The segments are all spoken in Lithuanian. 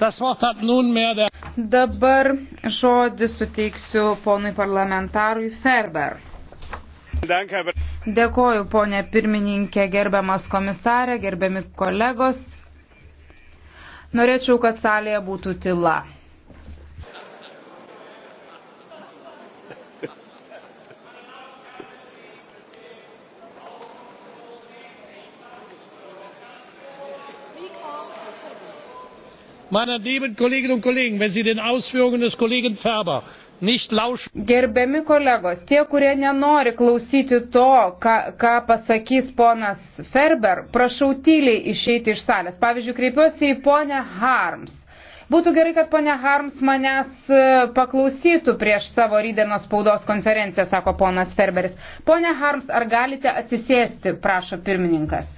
Dabar žodį suteiksiu ponui parlamentarui Ferber. Dėkoju, ponė pirmininkė, gerbiamas komisarė, gerbiami kolegos. Norėčiau, kad salėje būtų tyla. meine lieben kolleginnen und kollegen wenn sie den ausführungen des kollegen ferber nicht lauschen. Gerbiami kolegos, tie, kurie nenori klausyti to, ką, ką pasakys ponas Ferber, prašau tyliai išeiti iš salės. Pavyzdžiui, kreipiuosi į ponę Harms. Būtų gerai, kad ponia Harms manęs e, paklausytų prieš savo rydienos spaudos konferenciją, sako ponas Ferberis. Ponia Harms, ar galite atsisėsti, prašo pirmininkas.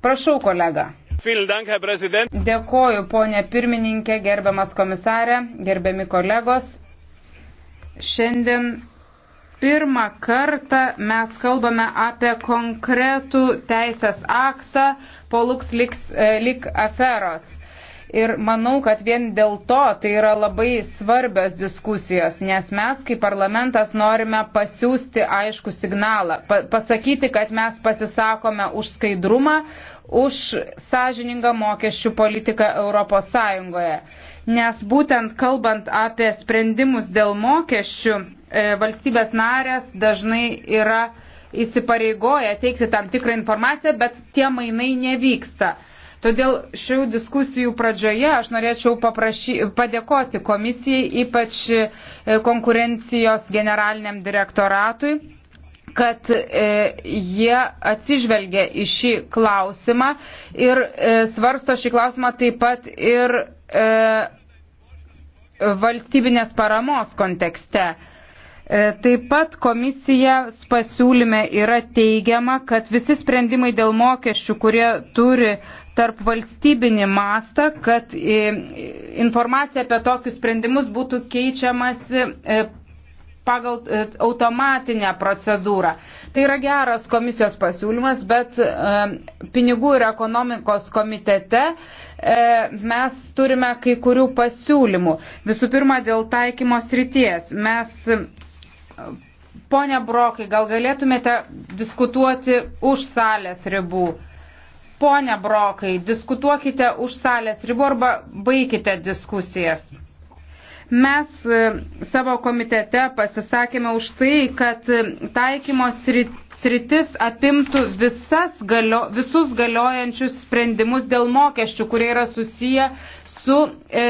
Prašau, kolega. Dėkoju, ponė pirmininkė, gerbiamas komisarė, gerbiami kolegos. Šiandien pirmą kartą mes kalbame apie konkretų teisės aktą po LuxLeaks lik e, aferos. Ir manau, kad vien dėl to tai yra labai svarbios diskusijos, nes mes kaip parlamentas norime pasiūsti aišku signalą, pa pasakyti, kad mes pasisakome už skaidrumą, už sąžiningą mokesčių politiką Europos Sąjungoje. Nes būtent kalbant apie sprendimus dėl mokesčių, e, valstybės narės dažnai yra įsipareigoja teikti tam tikrą informaciją, bet tie mainai nevyksta. Todėl šių diskusijų pradžioje aš norėčiau paprašy, padėkoti komisijai, ypač e, konkurencijos generaliniam direktoratui kad e, jie atsižvelgia į šį klausimą ir e, svarsto šį klausimą taip pat ir e, valstybinės paramos kontekste. E, taip pat komisija pasiūlyme yra teigiama, kad visi sprendimai dėl mokesčių, kurie turi tarp valstybinį mastą, kad e, informacija apie tokius sprendimus būtų keičiamasi e, pagal e, automatinę procedūrą. Tai yra geras komisijos pasiūlymas, bet e, pinigų ir ekonomikos komitete e, mes turime kai kurių pasiūlymų. Visų pirma, dėl taikymo srities. Mes, ponia Brokai, gal galėtumėte diskutuoti už salės ribų? Pone Brokai, diskutuokite už salės ribų arba baikite diskusijas. Mes e, savo komitete pasisakėme už tai, kad e, taikymo sritis apimtų visas galio, visus galiojančius sprendimus dėl mokesčių, kurie yra susiję su e,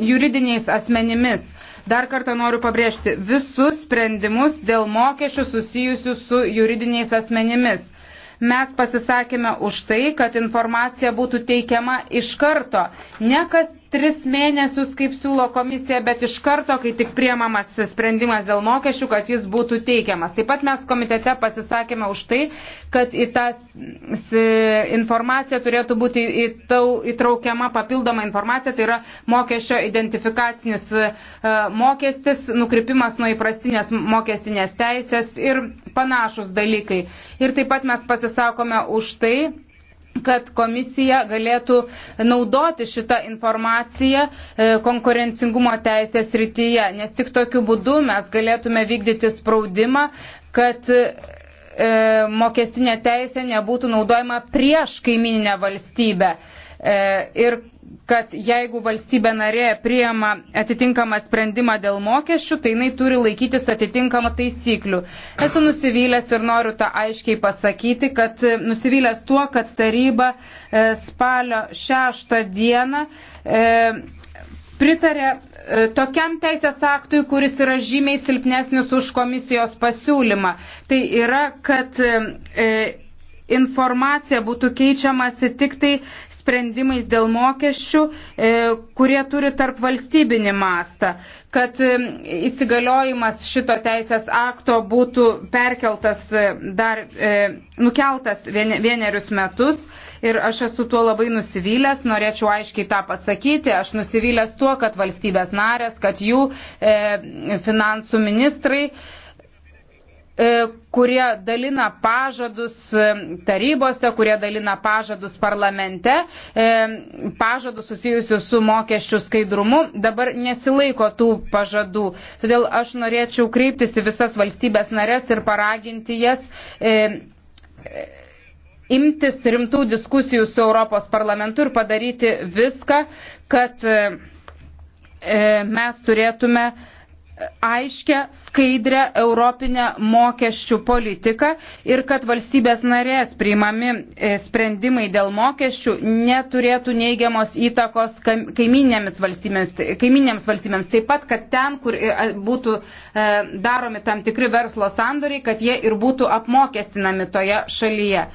juridiniais asmenimis. Dar kartą noriu pabrėžti visus sprendimus dėl mokesčių susijusių su juridiniais asmenimis. Mes pasisakėme už tai, kad informacija būtų teikiama iš karto, ne kas tris mėnesius, kaip siūlo komisija, bet iš karto, kai tik priemamas sprendimas dėl mokesčių, kad jis būtų teikiamas. Taip pat mes komitete pasisakėme už tai, kad į tą informaciją turėtų būti įtraukiama papildoma informacija, tai yra mokesčio identifikacinis e, mokestis, nukrypimas nuo įprastinės mokestinės teisės ir panašus dalykai. Ir taip pat mes pasisakome už tai, kad komisija galėtų naudoti šitą informaciją e, konkurencingumo teisės rytyje, nes tik tokiu būdu mes galėtume vykdyti spaudimą, kad e, mokestinė teisė nebūtų naudojama prieš kaimininę valstybę. E, ir kad jeigu valstybė narė priema atitinkamą sprendimą dėl mokesčių, tai jinai turi laikytis atitinkamą taisyklių. Esu nusivylęs ir noriu tą aiškiai pasakyti, kad e, nusivylęs tuo, kad taryba e, spalio šeštą dieną pritarė tokiam teisės aktui, kuris yra žymiai silpnesnis už komisijos pasiūlymą. Tai yra, kad informacija būtų keičiamasi tik tai sprendimais dėl mokesčių, e, kurie turi tarp valstybinį mastą, kad e, įsigaliojimas šito teisės akto būtų perkeltas e, dar nukeltas vienerius metus ir aš esu tuo labai nusivylęs, norėčiau aiškiai tą pasakyti, aš nusivylęs tuo, kad valstybės narės, kad jų e, finansų ministrai e, E, kurie dalina pažadus e, tarybose, kurie dalina pažadus parlamente, e, pažadus susijusius su mokesčių skaidrumu, dabar nesilaiko tų pažadų. Todėl aš norėčiau kreiptis į visas valstybės narės ir paraginti jas imtis rimtų diskusijų su Europos parlamentu ir padaryti viską, kad mes turėtume aiškę, skaidrę europinę mokesčių politiką ir kad valstybės narės priimami e, sprendimai dėl mokesčių neturėtų neigiamos įtakos kaiminėms valstybėms, kaiminėms valstybėms. Taip pat, kad ten, kur e, būtų e, daromi tam tikri verslo sandoriai, kad jie ir būtų apmokestinami toje šalyje.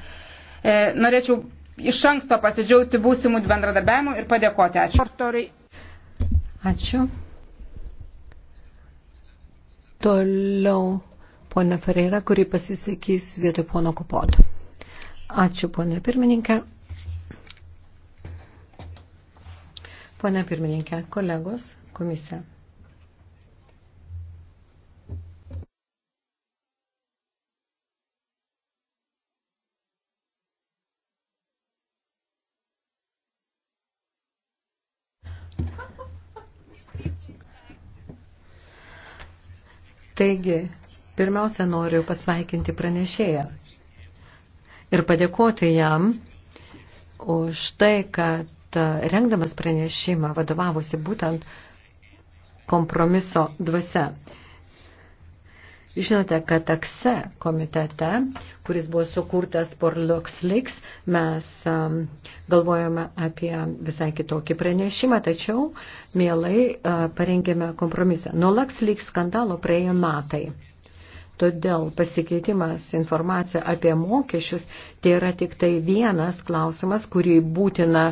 Norėčiau iš anksto pasidžiaugti būsimų bendradarbiavimų ir padėkoti. Ačiū. Ačiū. Toliau ponia Ferreira, kuri pasisakys vietoj pono Kopoto. Ačiū, ponia pirmininkė. Pone pirmininkė, kolegos, komisija. Taigi, pirmiausia, noriu pasveikinti pranešėją ir padėkoti jam už tai, kad rengdamas pranešimą vadovavosi būtent kompromiso dvasia. Žinote, kad takse komitete, kuris buvo sukurtas por LuxLeaks, mes um, galvojame apie visai kitokį pranešimą, tačiau mielai uh, parengėme kompromisą. Nuo LuxLeaks skandalo praėjo metai. Todėl pasikeitimas informacija apie mokesčius tai yra tik tai vienas klausimas, kurį būtina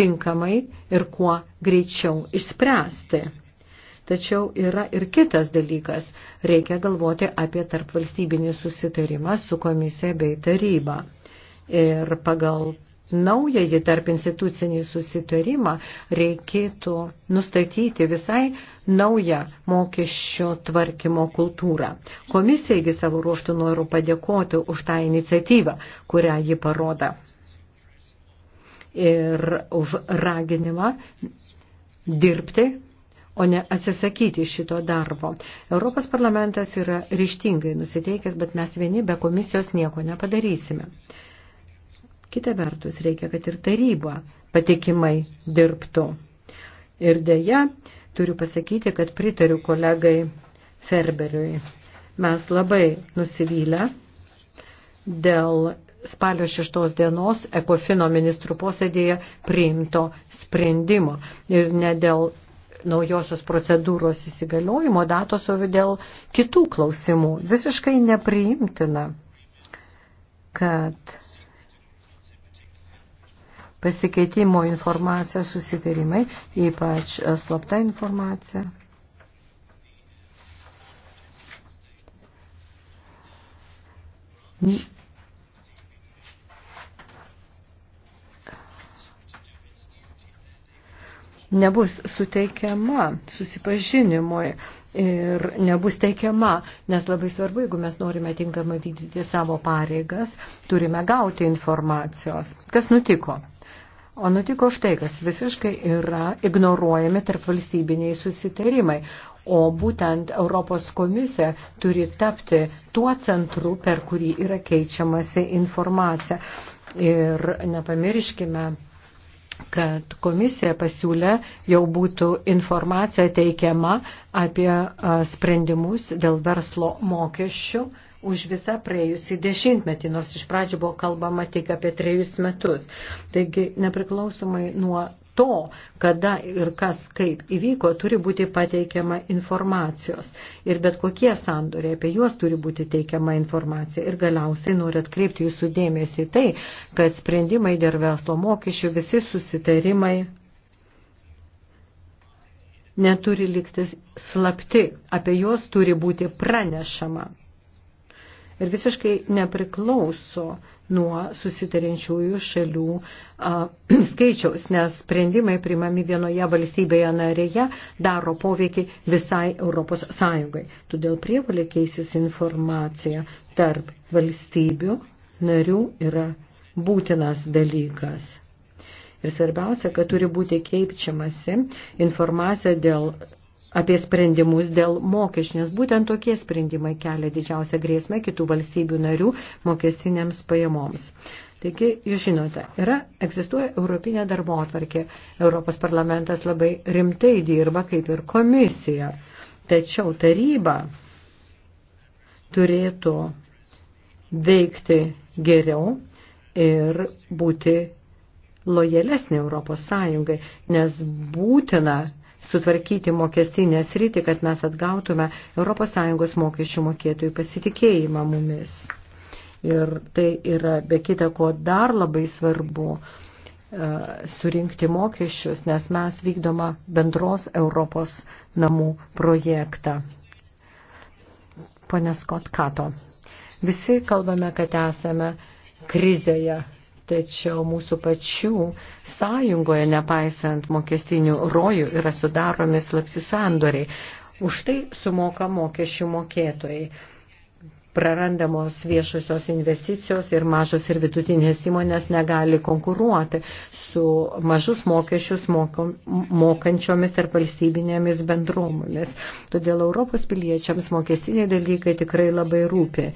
tinkamai ir kuo greičiau išspręsti. Tačiau yra ir kitas dalykas. Reikia galvoti apie tarpvalstybinį susitarimą su komisija bei taryba. Ir pagal naująjį tarp institucinį susitarimą reikėtų nustatyti visai naują mokesčio tvarkymo kultūrą. Komisijagi savo ruoštų noriu padėkoti už tą iniciatyvą, kurią ji paroda. Ir už raginimą dirbti o ne atsisakyti šito darbo. Europos parlamentas yra ryštingai nusiteikęs, bet mes vieni be komisijos nieko nepadarysime. Kita vertus, reikia, kad ir taryba patikimai dirbtų. Ir dėja, turiu pasakyti, kad pritariu kolegai Ferberiui. Mes labai nusivylę dėl spalio 6 dienos Ekofino ministrų posėdėje priimto sprendimo ir ne dėl naujosios procedūros įsigaliojimo datos, o dėl kitų klausimų. Visiškai nepriimtina, kad pasikeitimo informacija susitarimai, ypač slapta informacija. nebus suteikiama susipažinimui ir nebus teikiama, nes labai svarbu, jeigu mes norime tinkamai vykdyti savo pareigas, turime gauti informacijos. Kas nutiko? O nutiko štai, kas visiškai yra ignoruojami tarp valstybiniai susitarimai. O būtent Europos komisija turi tapti tuo centru, per kurį yra keičiamasi informacija. Ir nepamirškime kad komisija pasiūlė jau būtų informacija teikiama apie sprendimus dėl verslo mokesčių už visą praėjusį dešimtmetį, nors iš pradžių buvo kalbama tik apie trejus metus. Taigi, nepriklausomai nuo to, kada ir kas kaip įvyko, turi būti pateikiama informacijos. Ir bet kokie sandoriai, apie juos turi būti teikiama informacija. Ir galiausiai noriu atkreipti jūsų dėmesį tai, kad sprendimai dėl verslo mokesčių, visi susitarimai neturi likti slapti, apie juos turi būti pranešama. Ir visiškai nepriklauso nuo susitarinčiųjų šalių a, skaičiaus, nes sprendimai primami vienoje valstybėje narėje daro poveikį visai Europos Sąjungai. Todėl prievalė keisis informacija tarp valstybių narių yra būtinas dalykas. Ir svarbiausia, kad turi būti keičiamasi informacija dėl apie sprendimus dėl mokesčių, nes būtent tokie sprendimai kelia didžiausią grėsmę kitų valstybių narių mokestinėms pajamoms. Taigi, jūs žinote, yra, egzistuoja Europinė darbo atvarkė. Europos parlamentas labai rimtai dirba, kaip ir komisija. Tačiau taryba turėtų veikti geriau ir būti lojalesnė Europos Sąjungai, nes būtina sutvarkyti mokestinę sritį, kad mes atgautume ES mokesčių mokėtojų pasitikėjimą mumis. Ir tai yra be kita ko dar labai svarbu e, surinkti mokesčius, nes mes vykdoma bendros Europos namų projektą. Pone Skotkato, visi kalbame, kad esame krizėje Tačiau mūsų pačių sąjungoje, nepaisant mokestinių rojų, yra sudaromi slapti sandoriai. Už tai sumoka mokesčių mokėtojai. Prarandamos viešusios investicijos ir mažos ir vidutinės įmonės negali konkuruoti su mažus mokesčius mokančiomis tarp valstybinėmis bendruomomis. Todėl Europos piliečiams mokestiniai dalykai tikrai labai rūpi.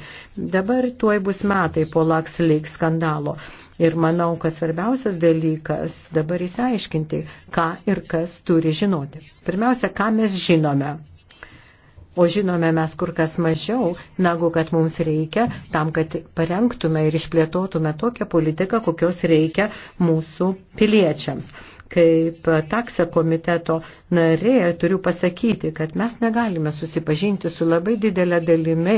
Dabar tuoj bus metai po LaxLeaks skandalo. Ir manau, kad svarbiausias dalykas dabar įsiaiškinti, ką ir kas turi žinoti. Pirmiausia, ką mes žinome. O žinome mes kur kas mažiau, negu kad mums reikia tam, kad parengtume ir išplėtotume tokią politiką, kokios reikia mūsų piliečiams. Kaip taksą komiteto narė turiu pasakyti, kad mes negalime susipažinti su labai didelė dalimi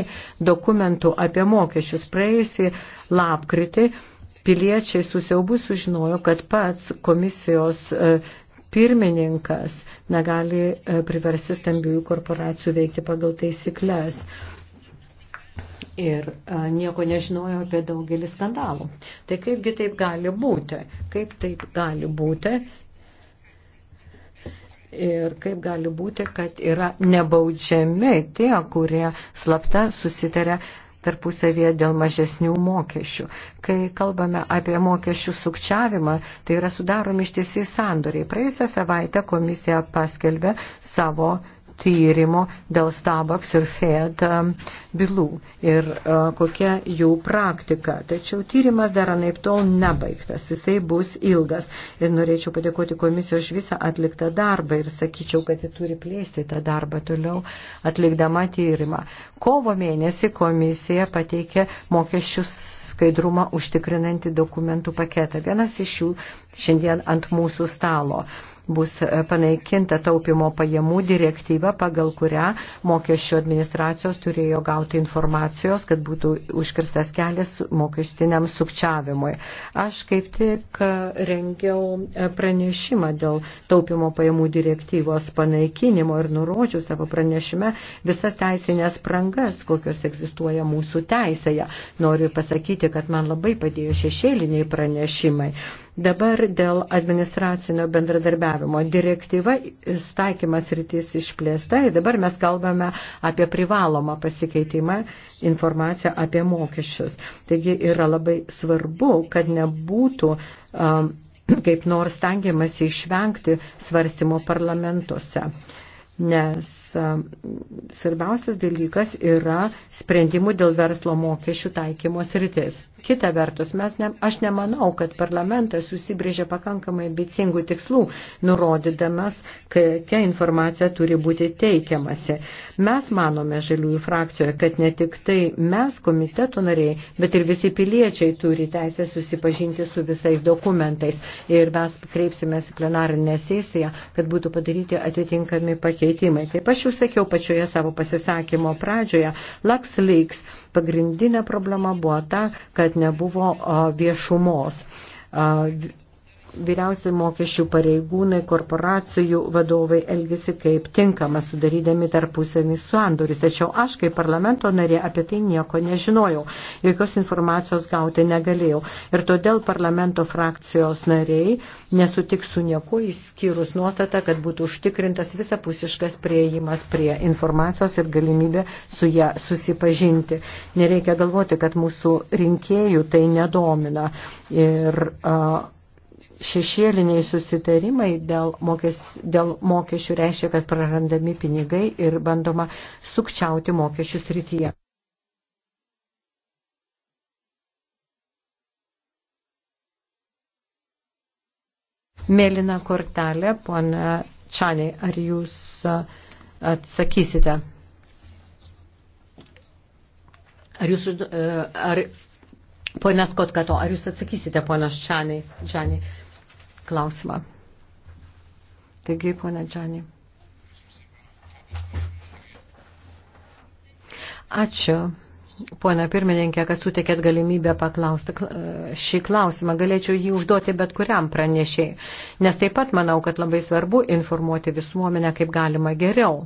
dokumentų apie mokesčius. Praėjusį lapkritį piliečiai susiaubus sužinojo, kad pats komisijos e, pirmininkas negali e, priversti stambiųjų korporacijų veikti pagal taisyklės. Ir e, nieko nežinojo apie daugelį skandalų. Tai kaipgi taip gali būti? Kaip taip gali būti? Ir kaip gali būti, kad yra nebaudžiami tie, kurie slapta susitarė uh, tarpusavėje dėl mažesnių mokesčių. Kai kalbame apie mokesčių sukčiavimą, tai yra sudaromi ištiesiai sandoriai. Praėjusią savaitę komisija paskelbė savo tyrimo dėl Starbucks ir Fed um, bylų ir uh, kokia jų praktika. Tačiau tyrimas dar anaip tol nebaigtas, jisai bus ilgas. Ir norėčiau padėkoti komisijos už visą atliktą darbą ir sakyčiau, kad ji turi plėsti tą darbą toliau atlikdama tyrimą. Kovo mėnesį komisija pateikė mokesčius skaidrumą užtikrinantį dokumentų paketą. Vienas iš jų šiandien ant mūsų stalo bus e, panaikinta taupimo pajamų direktyva, pagal kurią mokesčio administracijos turėjo gauti informacijos, kad būtų užkirstas kelias mokestiniam sukčiavimui. Aš kaip tik e, rengiau e, pranešimą dėl taupimo pajamų direktyvos panaikinimo ir nurodžiu savo pranešime visas teisinės prangas, kokios egzistuoja mūsų teisėje. Noriu pasakyti, kad man labai padėjo šešėliniai pranešimai. Dabar dėl administracinio bendradarbiavimo direktyva staikymas rytis išplėsta ir dabar mes kalbame apie privalomą pasikeitimą informaciją apie mokesčius. Taigi yra labai svarbu, kad nebūtų um, kaip nors tengiamasi išvengti svarstymo parlamentuose nes um, svarbiausias dalykas yra sprendimų dėl verslo mokesčių taikymo sritis. Kita vertus, mes ne, aš nemanau, kad parlamentas susibrėžė pakankamai ambicingų tikslų, nurodydamas, kokia informacija turi būti teikiamasi. Mes manome žaliųjų frakcijoje, kad ne tik tai mes, komiteto nariai, bet ir visi piliečiai turi teisę susipažinti su visais dokumentais. Ir mes kreipsime į plenarinę sesiją, kad būtų padaryti atitinkami pakeitimai. Kaip aš jau sakiau pačioje savo pasisakymo pradžioje, LuxLeaks Pagrindinė problema buvo ta, kad nebuvo viešumos vyriausiai mokesčių pareigūnai, korporacijų vadovai elgesi kaip tinkama, sudarydami tarpusavį suandoris. Tačiau aš kaip parlamento narė apie tai nieko nežinojau, jokios informacijos gauti negalėjau. Ir todėl parlamento frakcijos nariai nesutiks su nieko įskyrus nuostatą, kad būtų užtikrintas visapusiškas prieimas prie informacijos ir galimybė su ją susipažinti. Nereikia galvoti, kad mūsų rinkėjų tai nedomina. Ir, uh, šešėliniai susitarimai dėl, mokes, dėl mokesčių reiškia, kad prarandami pinigai ir bandoma sukčiauti mokesčių srityje. Mėlyna kortelė, pona Čanė, ar jūs atsakysite? Ar jūs, ar, ponas Kotkato, ar jūs atsakysite, ponas Čanė? Čanė? klausimą. Taigi, ponia Džani. Ačiū. Pone pirmininkė, kad sutikėt galimybę paklausti šį klausimą, galėčiau jį užduoti bet kuriam pranešėjai, nes taip pat manau, kad labai svarbu informuoti visuomenę kaip galima geriau.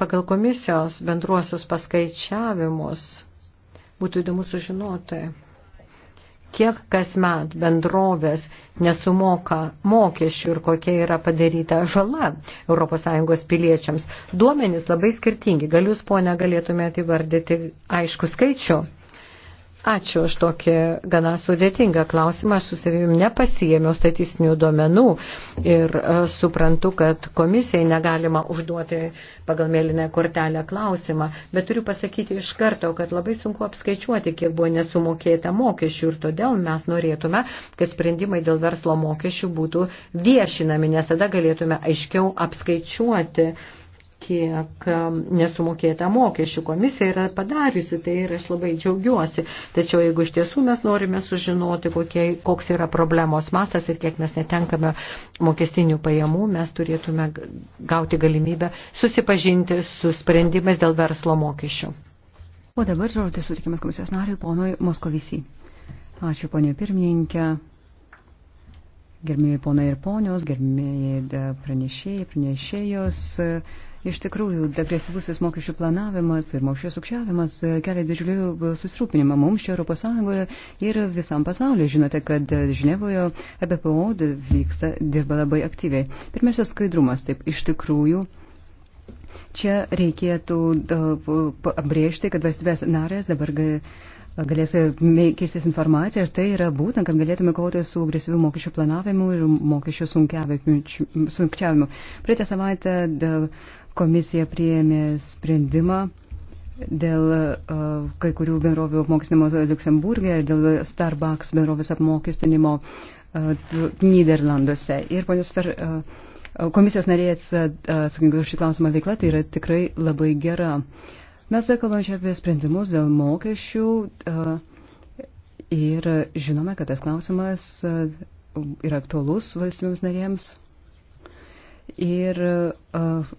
Pagal komisijos bendruosius paskaičiavimus būtų įdomu sužinoti, kiek kasmet bendrovės nesumoka mokesčių ir kokia yra padaryta žala ES piliečiams. Duomenys labai skirtingi. Gal jūs, ponia, galėtumėte įvardyti aišku skaičių? Ačiū už tokį gana sudėtingą klausimą. Aš su savimi nepasijėmiau statistinių duomenų ir e, suprantu, kad komisijai negalima užduoti pagal mėlynę kortelę klausimą, bet turiu pasakyti iš karto, kad labai sunku apskaičiuoti, kiek buvo nesumokėta mokesčių ir todėl mes norėtume, kad sprendimai dėl verslo mokesčių būtų viešinami, nes tada galėtume aiškiau apskaičiuoti kiek um, nesumokėta mokesčių. Komisija yra padariusi tai ir aš labai džiaugiuosi. Tačiau jeigu iš tiesų mes norime sužinoti, kokie, koks yra problemos mastas ir kiek mes netenkame mokestinių pajamų, mes turėtume gauti galimybę susipažinti su sprendimais dėl verslo mokesčių. O dabar žodis sutikimas komisijos nariui ponui Moskovisi. Ačiū ponė pirmininkė. Gerbėjai ponai ir ponios, gerbėjai pranešėjai, pranešėjos. pranešėjos Iš tikrųjų, depresyvusis mokesčių planavimas ir mokesčių sukčiavimas e, kelia didžiulį e, susirūpinimą mums čia ES ir visam pasauliu. Žinote, kad e, Ženevoje EBPO vyksta, dirba labai aktyviai. Pirmiausia, skaidrumas. Taip, iš tikrųjų. Čia reikėtų pabrėžti, kad valstybės narės dabar galės keistis informaciją ir tai yra būtent, kad galėtume kovoti su agresyviu mokesčių planavimu ir mokesčių sunkiavimu. Praeitą savaitę Komisija prieėmė sprendimą dėl uh, kai kurių bendrovių apmokestinimo Luksemburgė ir dėl Starbucks bendrovės apmokestinimo uh, Niderlanduose. Ir ponios per uh, e, komisijos narės atsakingai už šį klausimą veikla tai yra tikrai labai gera. Mes kalbame čia apie sprendimus dėl mokesčių uh, ir žinome, kad tas klausimas uh, yra aktualus valstybėms narėms. Ir uh,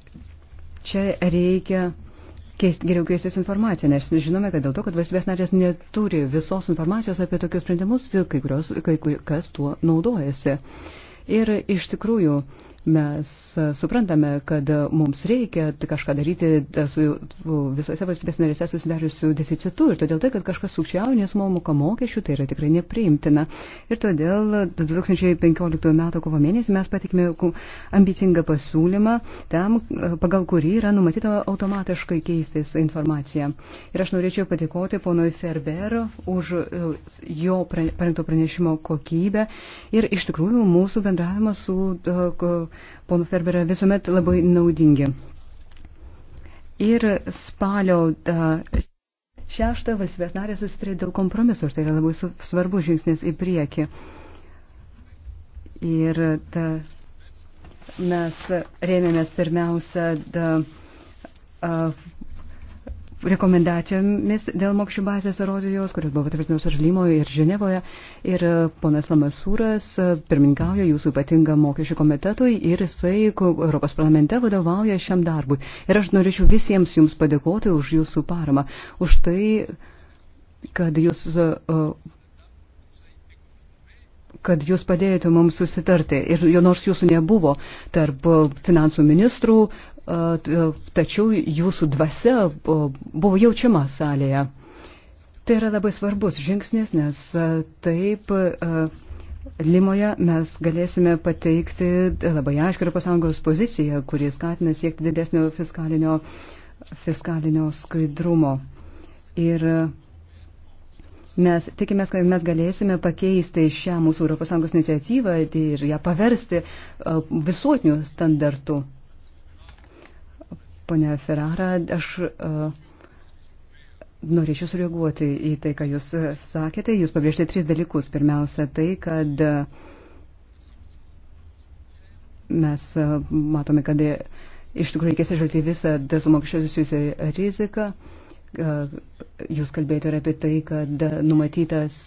Čia reikia keist, geriau keistis informaciją, nes žinome, kad dėl to, kad valstybės narės neturi visos informacijos apie tokius sprendimus, kai, kurios, kai kur, kas tuo naudojasi. Ir iš tikrųjų, Mes e, suprantame, kad mums reikia kažką daryti e, su visose valstybės narėse susidariusių deficitų ir todėl tai, kad kažkas sukčiauja, nes mums moka mokesčių, tai yra tikrai nepriimtina. Ir todėl 2015 m. kovo mėnesį mes patikime ambicingą pasiūlymą, tam, e, pagal kurį yra numatyta automatiškai keistis informacija. Ir aš norėčiau patikoti ponui Ferber už jo parengto pranešimo kokybę ir iš tikrųjų mūsų bendravimas su pono Ferberio visuomet labai naudingi. Ir spalio šeštą valstybės narė susitarė dėl kompromiso ir tai yra labai svarbus žingsnis į priekį. Ir ta, mes rėmėmės pirmiausia da, a, rekomendacijomis dėl mokesčių bazės erozijos, kurios buvo patvirtinos ir Lymoje, ir Ženevoje. Ir e, ponas Lamasūras e, pirmininkauja jūsų ypatingą mokesčių komitetui ir jisai Europos parlamente vadovauja šiam darbui. Ir aš norėčiau visiems jums padėkoti už jūsų paramą, už tai, kad jūs e, kad jūs padėjote mums susitarti. Ir jo nors jūsų nebuvo tarp e, finansų ministrų, e, e, tačiau jūsų dvasia buvo jaučiama salėje. Tai yra labai svarbus žingsnis, nes taip Limoje mes galėsime pateikti labai aiškį ir pasaulios poziciją, kuris skatina siekti didesnio fiskalinio, fiskalinio skaidrumo. Ir uh, Mes tikimės, kad mes galėsime pakeisti šią mūsų ES iniciatyvą ir ją paversti visuotiniu standartu. Pone Ferrara, aš norėčiau sureaguoti į tai, ką Jūs sakėte. Jūs pabrėžtė tris dalykus. Pirmiausia, tai, kad mes matome, kad iš tikrųjų reikės išžvelgti visą desumokščiausiusią riziką jūs kalbėjote ir apie tai, kad numatytas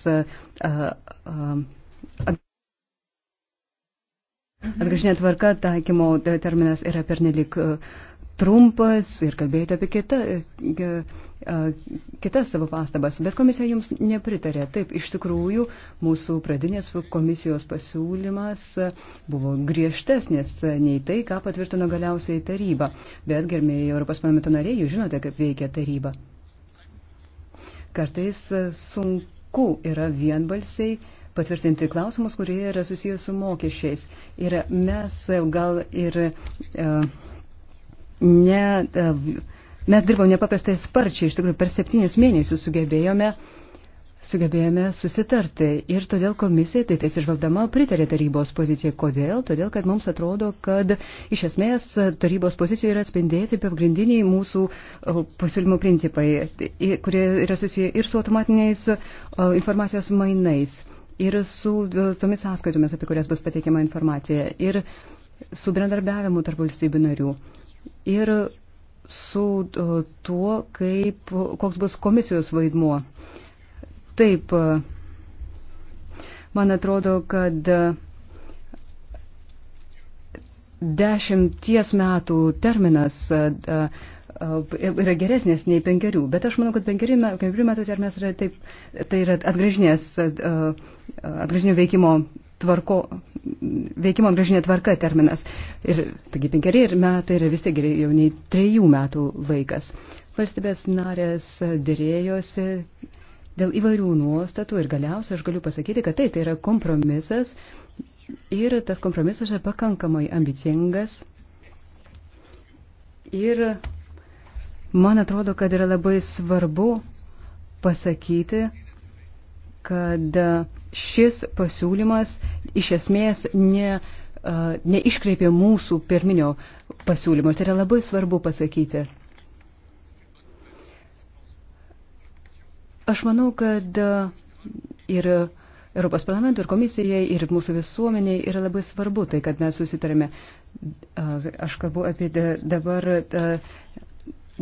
atgražinė tvarka taikymo terminas yra pernelik trumpas ir kalbėjote apie kitą, kitas savo pastabas, bet komisija jums nepritarė. Taip, iš tikrųjų, mūsų pradinės komisijos pasiūlymas buvo griežtesnis nei tai, ką patvirtino galiausiai taryba. Bet, gerbėjai Europos parlamento nariai, jūs žinote, kaip veikia taryba. Kartais e, sunku yra vienbalsiai patvirtinti klausimus, kurie yra susijęs su mokesčiais. Ir mes gal ir e, ne. E, mes dirbom nepaprastai sparčiai, iš tikrųjų per septynis mėnesius sugebėjome uh, sugebėjome susitarti ir todėl komisija, tai tais išvaldama, pritarė tarybos pozicijai. Kodėl? Todėl, kad mums atrodo, kad iš esmės tarybos pozicijoje yra atspindėti pagrindiniai mūsų e, pasiūlymų principai, kurie yra susiję ir su automatiniais e, informacijos mainais, ir su e, tomis sąskaitomis, apie kurias bus pateikiama informacija, ir su bendradarbiavimu tarp valstybių narių. Ir su tuo, kaip, koks bus komisijos vaidmuo. Uh, Taip, man atrodo, kad dešimties metų terminas yra geresnės nei penkerių, bet aš manau, kad penkerių metų terminas yra taip, tai yra atgražinės, atgražinio veikimo tvarko, veikimo atgražinė tvarka terminas. Ir taigi penkeri metai yra vis tiek geriau nei trejų metų laikas. Valstybės narės dėrėjosi dėl įvairių nuostatų ir galiausiai aš galiu pasakyti, kad tai, tai yra kompromisas ir tas kompromisas yra pakankamai ambicingas ir man atrodo, kad yra labai svarbu pasakyti, kad šis pasiūlymas iš esmės ne, neiškreipė mūsų pirminio pasiūlymo. Tai yra labai svarbu pasakyti. Aš manau, kad e, ir Europos parlamentui, ir komisijai, ir mūsų visuomeniai yra labai svarbu tai, kad mes susitarėme. E, aš kalbu apie dabar e,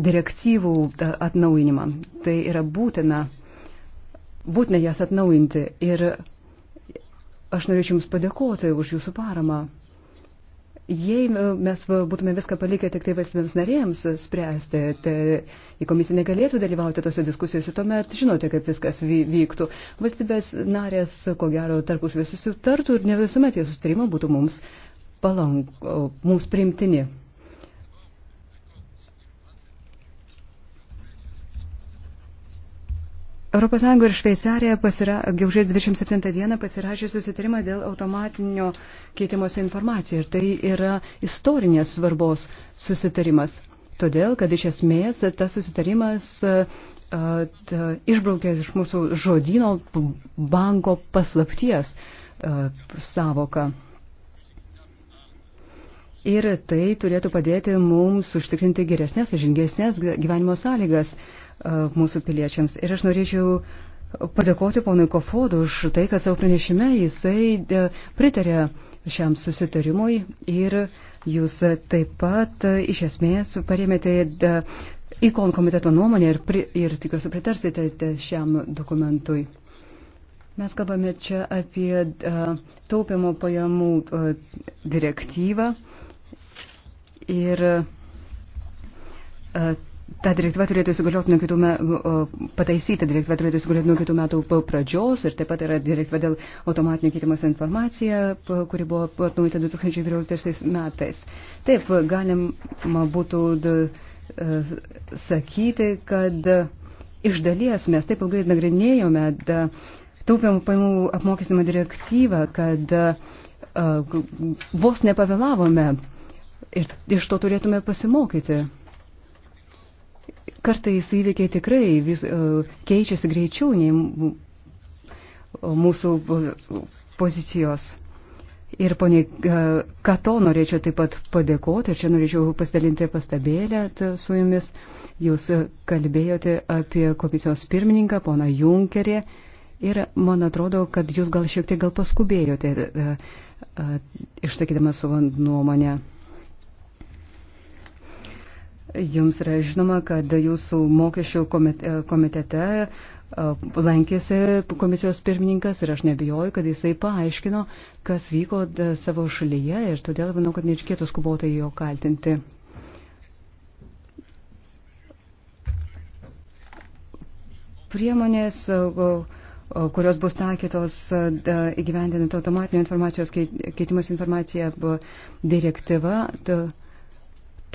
direktyvų atnaujinimą. Tai yra būtina, būtina jas atnaujinti. Ir aš norėčiau Jums padėkoti už Jūsų paramą. Jei e, mes būtume viską palikę tik tai valstybėms narėms spręsti, tai komisija negalėtų dalyvauti tose diskusijose, tuomet žinote, kaip viskas vyktų. Valstybės narės, ko gero, tarpus visus sutartų ir ne visuomet tie sustarimai būtų mums, palank, mums primtini. ES ir Šveicarija pasira, gegužės 27 dieną pasirašė susitarimą dėl automatinio keitimos informacija ir tai yra istorinės svarbos susitarimas. Todėl, kad iš esmės tas susitarimas išbraukė iš mūsų žodino banko paslapties savoką. Ir tai turėtų padėti mums užtikrinti geresnės, žingesnės gyvenimo sąlygas uh, E, mūsų piliečiams. Ir aš norėčiau padėkoti ponui Kofodu už tai, kad savo pranešime jisai e, pritarė šiam susitarimui ir jūs taip pat e, iš esmės paremėte įkon komiteto nuomonę ir, pri, ir tikiuosi pritarsite šiam dokumentui. Mes kalbame čia apie taupimo pajamų direktyvą ir Ta direktyva turėtų įsigalioti nuo kitų metų, pataisyta direktyva turėtų įsigalioti nuo kitų metų pradžios ir taip pat yra direktyva dėl automatinio keitimosi informacija, kuri buvo atnaujinta 2013 metais. Taip, galima būtų e, sakyti, kad iš dalies mes taip ilgai nagrinėjome taupiamų paimų apmokestinimo direktyvą, kad e, vos nepavėlavome ir iš to turėtume pasimokyti. Kartais įvykiai tikrai vis, e, keičiasi greičiau nei mūsų pozicijos. Ir poniai e, Kato norėčiau taip pat padėkoti, ir čia norėčiau pasidalinti pastabėlę su jumis. Jūs e, kalbėjote apie komisijos pirmininką, poną Junkerį, ir man atrodo, kad jūs gal šiek tiek gal paskubėjote išsakydamas savo nuomonę. Jums yra žinoma, kad jūsų mokesčių e, komitete e, lankėsi komisijos pirmininkas ir aš nebijoju, kad jisai paaiškino, kas vyko savo šalyje ir todėl manau, kad nereikėtų skubotai jo kaltinti. Priemonės, e, kurios bus taikytos įgyvendinant automatinio informacijos keitimas informacija direktyva. Ta,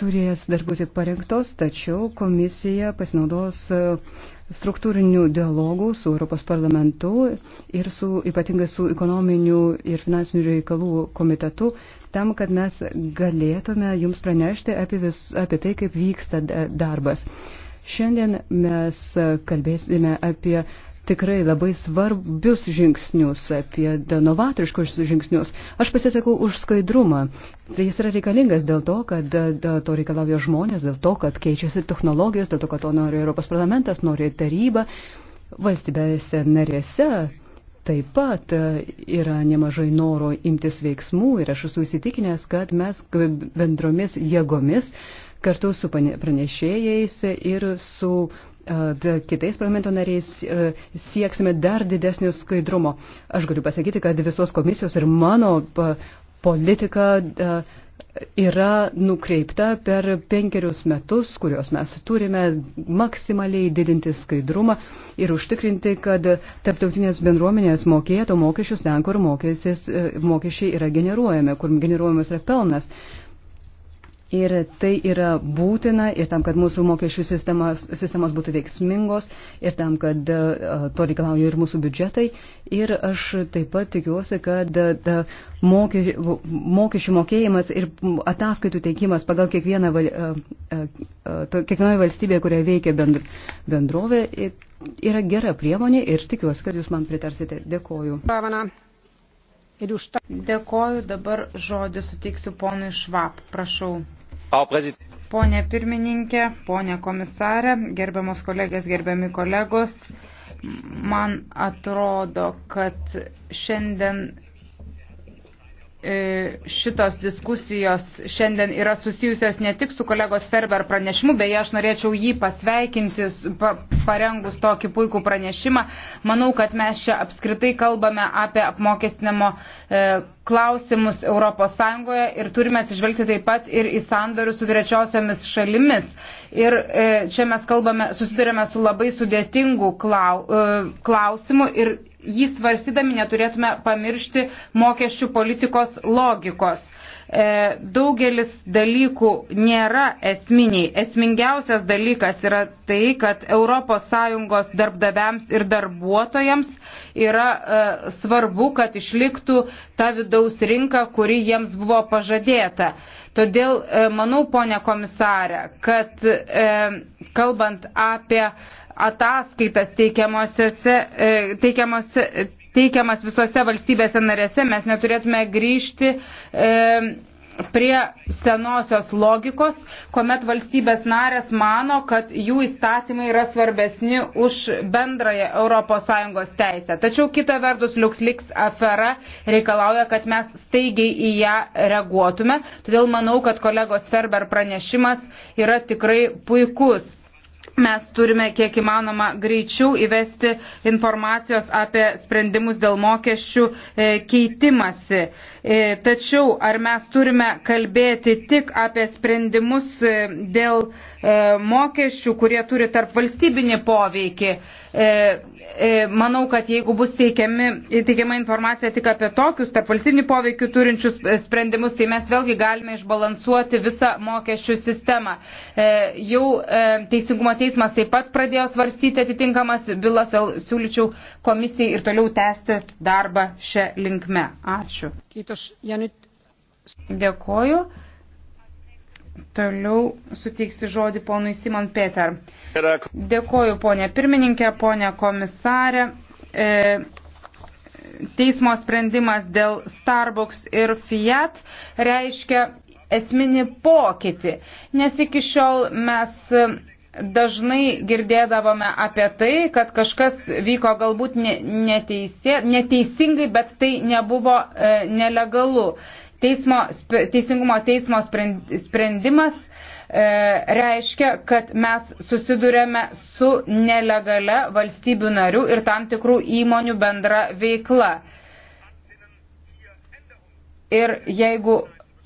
turės dar būti parengtos, tačiau komisija pasinaudos e, struktūrinių dialogų su Europos parlamentu ir su, ypatingai su ekonominių ir finansinių reikalų komitetu, tam, kad mes galėtume jums pranešti apie, vis, apie tai, kaip vyksta darbas. Šiandien mes kalbėsime apie tikrai labai svarbius žingsnius, apie novatoriškus žingsnius. Aš pasisakau už skaidrumą. Tai jis yra reikalingas dėl to, kad dėl to reikalauja žmonės, dėl to, kad keičiasi technologijos, dėl to, kad to nori Europos parlamentas, nori taryba. Valstybėse narėse taip pat e, yra nemažai noro imtis veiksmų ir aš esu įsitikinęs, kad mes bendromis jėgomis kartu su pranešėjais ir su kitais parlamento nariais sieksime dar didesnio skaidrumo. Aš galiu pasakyti, kad visos komisijos ir mano politika yra nukreipta per penkerius metus, kuriuos mes turime maksimaliai didinti skaidrumą ir užtikrinti, kad tarptautinės bendruomenės mokėtų mokesčius ten, kur e, mokesčiai yra generuojami, kur generuojamas yra pelnas. Ir tai yra būtina ir tam, kad mūsų mokesčių sistemos, sistemos būtų veiksmingos ir tam, kad e, to reikalauja ir mūsų biudžetai. Ir aš taip pat tikiuosi, kad e, mokesčių mokėjimas ir ataskaitų teikimas pagal kiekvieną, e, kiekvienoje valstybėje, kurioje veikia bendrovė, yra gera priemonė ir tikiuosi, kad jūs man pritarsite. Dėkoju. Pravana. Dėkoju, dabar žodį suteiksiu ponui Švab, prašau. Pone pirmininkė, pone komisarė, gerbiamos kolegės, gerbiami kolegos, man atrodo, kad šiandien E, šitos diskusijos šiandien yra susijusios ne tik su kolegos Ferber pranešimu, beje, aš norėčiau jį pasveikinti, parengus tokį puikų pranešimą. Manau, kad mes čia apskritai kalbame apie apmokestinamo e, klausimus ES ir turime atsižvelgti taip pat ir į sandorius su trečiosiomis šalimis. Ir e, čia mes kalbame, susidurėme su labai sudėtingu klausimu ir jį svarstydami neturėtume pamiršti mokesčių politikos logikos. E, daugelis dalykų nėra esminiai. Esmingiausias dalykas yra tai, kad ES darbdaviams ir darbuotojams yra e, svarbu, kad išliktų ta vidaus rinka, kuri jiems buvo pažadėta. Todėl e, manau, ponė komisarė, kad e, kalbant apie e, ataskaitas teikiamas, e, teikiamas visose valstybėse narėse, mes neturėtume grįžti e, prie senosios logikos, kuomet valstybės narės mano, kad jų įstatymai yra svarbesni už bendrąją ES teisę. Tačiau kita vertus LuxLeaks afera reikalauja, kad mes staigiai į ją reaguotume. Todėl manau, kad kolegos Ferber pranešimas yra tikrai puikus mes turime kiek įmanoma greičiau įvesti informacijos apie sprendimus dėl mokesčių e, keitimasi. E, tačiau ar mes turime kalbėti tik apie sprendimus e, dėl mokesčių, kurie turi tarp valstybinį poveikį? E, manau, kad jeigu bus teikiami, teikiama informacija tik apie tokius tarpvalstybinį poveikį turinčius e, sprendimus, tai mes vėlgi galime išbalansuoti visą mokesčių sistemą. E, jau Teisingumo teismas taip pat pradėjo svarstyti atitinkamas bylas, siūlyčiau komisijai ir toliau tęsti darbą šią linkme. Ačiū. Kiitos. Ja nyt... Dėkoju. Toliau suteiksiu žodį ponui Simon Peter. Dėkoju ponė pirmininkė, ponė komisarė. E, teismo sprendimas dėl Starbucks ir Fiat reiškia esminį pokytį, nes iki šiol mes dažnai girdėdavome apie tai, kad kažkas vyko galbūt neteisė, neteisingai, bet tai nebuvo e, nelegalu teismo, teisingumo teismo sprendimas e, reiškia, kad mes susidurėme su nelegale valstybių narių ir tam tikrų įmonių bendra veikla. Ir jeigu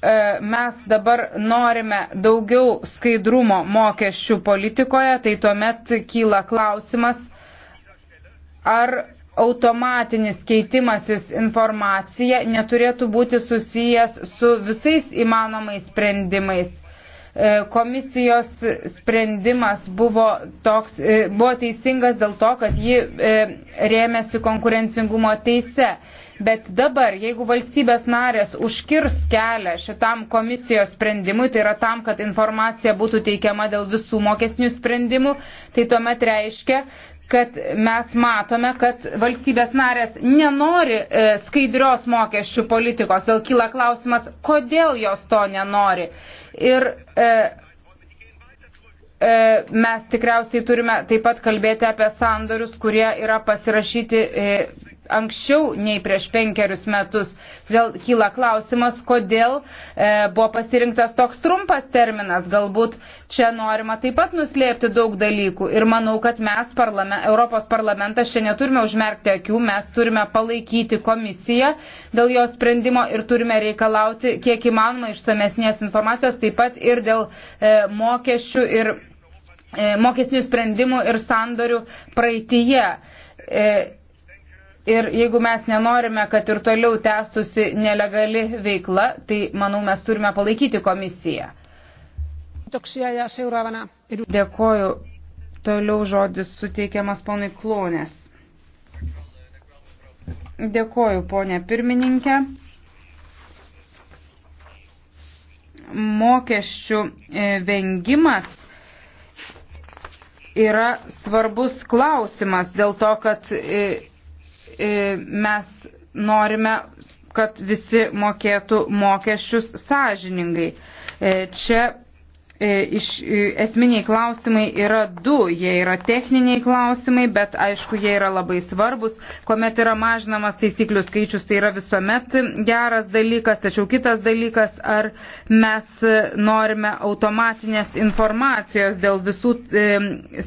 e, mes dabar norime daugiau skaidrumo mokesčių politikoje, tai tuomet kyla klausimas, ar automatinis keitimasis informacija neturėtų būti susijęs su visais įmanomais sprendimais. E, komisijos sprendimas buvo, toks, e, buvo teisingas dėl to, kad ji e, rėmėsi konkurencingumo teise. Bet dabar, jeigu valstybės narės užkirs kelią šitam komisijos sprendimui, tai yra tam, kad informacija būtų teikiama dėl visų mokesnių sprendimų, tai tuomet reiškia, kad mes matome, kad valstybės narės nenori e, skaidrios mokesčių politikos, dėl kyla klausimas, kodėl jos to nenori. Ir e, e, mes tikriausiai turime taip pat kalbėti apie sandorius, kurie yra pasirašyti e, anksčiau nei prieš penkerius metus. Todėl kyla klausimas, kodėl e, buvo pasirinktas toks trumpas terminas. Galbūt čia norima taip pat nuslėpti daug dalykų. Ir manau, kad mes, parlament, Europos parlamentas, čia neturime užmerkti akių, mes turime palaikyti komisiją dėl jos sprendimo ir turime reikalauti kiek įmanoma išsamesnės informacijos, taip pat ir dėl e, mokesčių ir e, mokesnių sprendimų ir sandorių praeitįje. E, Ir jeigu mes nenorime, kad ir toliau tęstusi nelegali veikla, tai manau mes turime palaikyti komisiją. Dėkoju. Toliau žodis suteikiamas ponui Klonės. Dėkoju, ponė pirmininkė. Mokesčių e, vengimas yra svarbus klausimas dėl to, kad e, E, mes norime, kad visi mokėtų mokesčius sąžiningai. E, čia E, iš, e, esminiai klausimai yra du. Jie yra techniniai klausimai, bet aišku, jie yra labai svarbus. Komet yra mažinamas taisyklių skaičius, tai yra visuomet geras dalykas. Tačiau kitas dalykas, ar mes norime automatinės informacijos dėl visų e,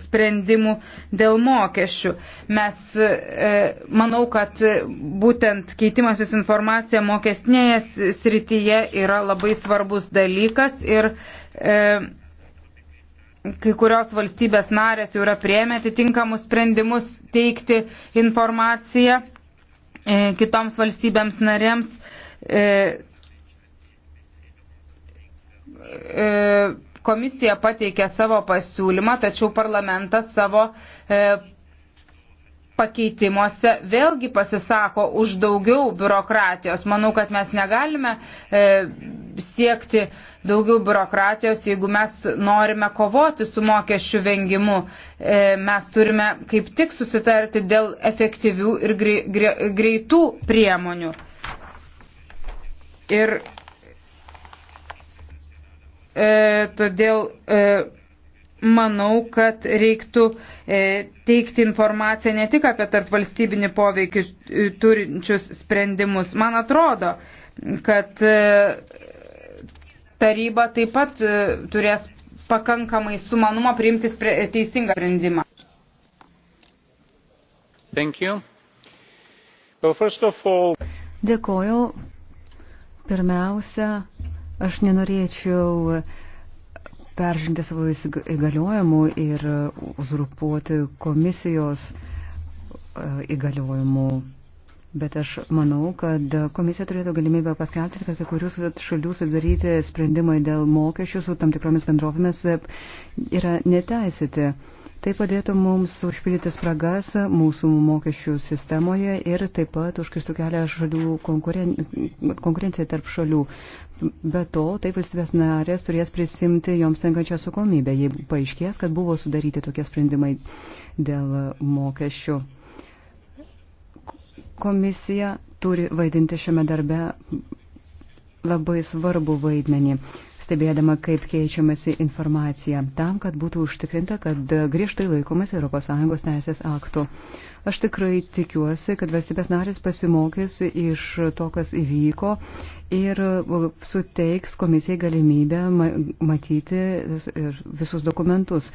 sprendimų dėl mokesčių. Mes, e, manau, kad būtent keitimasis informacija mokestinėje srityje yra labai svarbus dalykas ir E, kai kurios valstybės narės jau yra prieėmę atitinkamus sprendimus teikti informaciją e, kitoms valstybėms narėms. E, komisija pateikė savo pasiūlymą, tačiau parlamentas savo pakeitimuose vėlgi pasisako už daugiau biurokratijos. Manau, kad mes negalime e, siekti daugiau biurokratijos, jeigu mes norime kovoti su mokesčių vengimu. E, mes turime kaip tik susitarti dėl efektyvių ir grei, grei, greitų priemonių. Ir e, todėl. E, manau, kad reiktų e, teikti informaciją ne tik apie tarp valstybinį poveikį e, turinčius sprendimus. Man atrodo, kad e, taryba taip pat turės pakankamai sumanumą priimti teisingą sprendimą. Well, all... Dėkoju. Pirmiausia, aš nenorėčiau uh, peržengti savo įgaliojimų ir uzurpuoti komisijos e, įgaliojimų. Bet aš manau, kad komisija turėtų galimybę paskelbti, kad kai kurių šalių sudaryti sprendimai dėl mokesčių su tam tikromis bendrovėmis e, yra neteisėti. Tai padėtų mums užpildyti spragas mūsų mokesčių sistemoje ir taip pat užkirstų kelią šalių konkuren... konkurencijai tarp šalių. Be to, taip valstybės narės turės prisimti joms tenkančią atsakomybę, jei paaiškės, kad buvo sudaryti tokie sprendimai dėl mokesčių. Komisija turi vaidinti šiame darbe labai svarbu vaidmenį stebėdama, kaip keičiamasi informacija, tam, kad būtų užtikrinta, kad griežtai laikomas ES teisės aktų. Aš tikrai tikiuosi, kad valstybės narės pasimokys iš to, kas įvyko ir suteiks komisijai galimybę matyti visus dokumentus,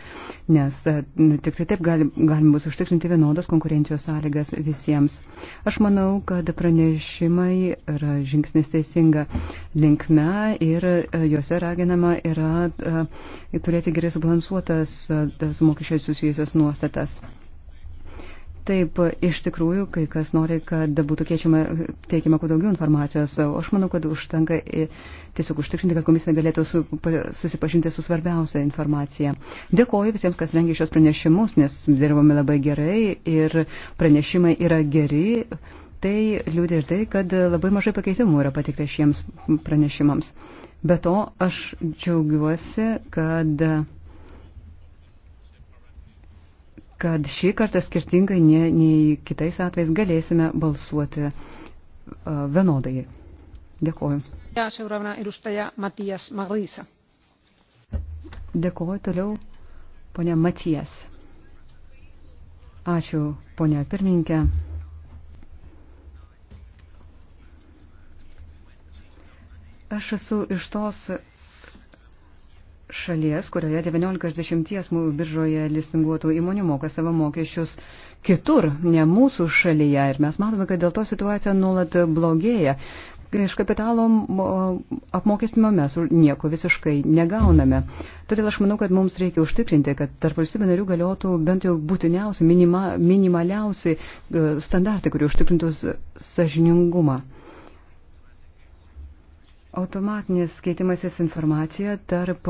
nes e, tik tai taip galim, galim bus užtikrinti vienodas konkurencijos sąlygas visiems. Aš manau, kad pranešimai yra žingsnis teisinga linkme ir e, juose raginama yra e, turėti gerai subalansuotas mokesčiai susijusios nuostatas. Taip, iš tikrųjų, kai kas nori, kad būtų keičiama, teikiama kuo daugiau informacijos, o aš manau, kad užtenka e, tiesiog užtikrinti, kad komisija galėtų su, susipažinti su svarbiausia informacija. Dėkoju visiems, kas rengė šios pranešimus, nes dirbame labai gerai ir pranešimai yra geri. Tai liūdė ir tai, kad labai mažai pakeitimų yra pateikta šiems pranešimams. Be to, aš džiaugiuosi, kad kad šį kartą skirtingai nei, nei kitais atvejais galėsime balsuoti uh, vienodai. Dėkuoju. Dėkuoju toliau, ponia Matijas. Ačiū, ponia pirmininkė. Aš esu iš tos šalies, kurioje 19 iš 10 biržoje listinguotų įmonių moka savo mokesčius kitur, ne mūsų šalyje. Ir mes matome, kad dėl to situacija nuolat blogėja. Iš kapitalo apmokestinimo mes nieko visiškai negauname. Todėl aš manau, kad mums reikia užtikrinti, kad tarp valstybių narių galiotų bent jau būtiniausi, minima, minimaliausi e, standartai, kurie užtikrintų sažiningumą automatinis keitimasis informacija tarp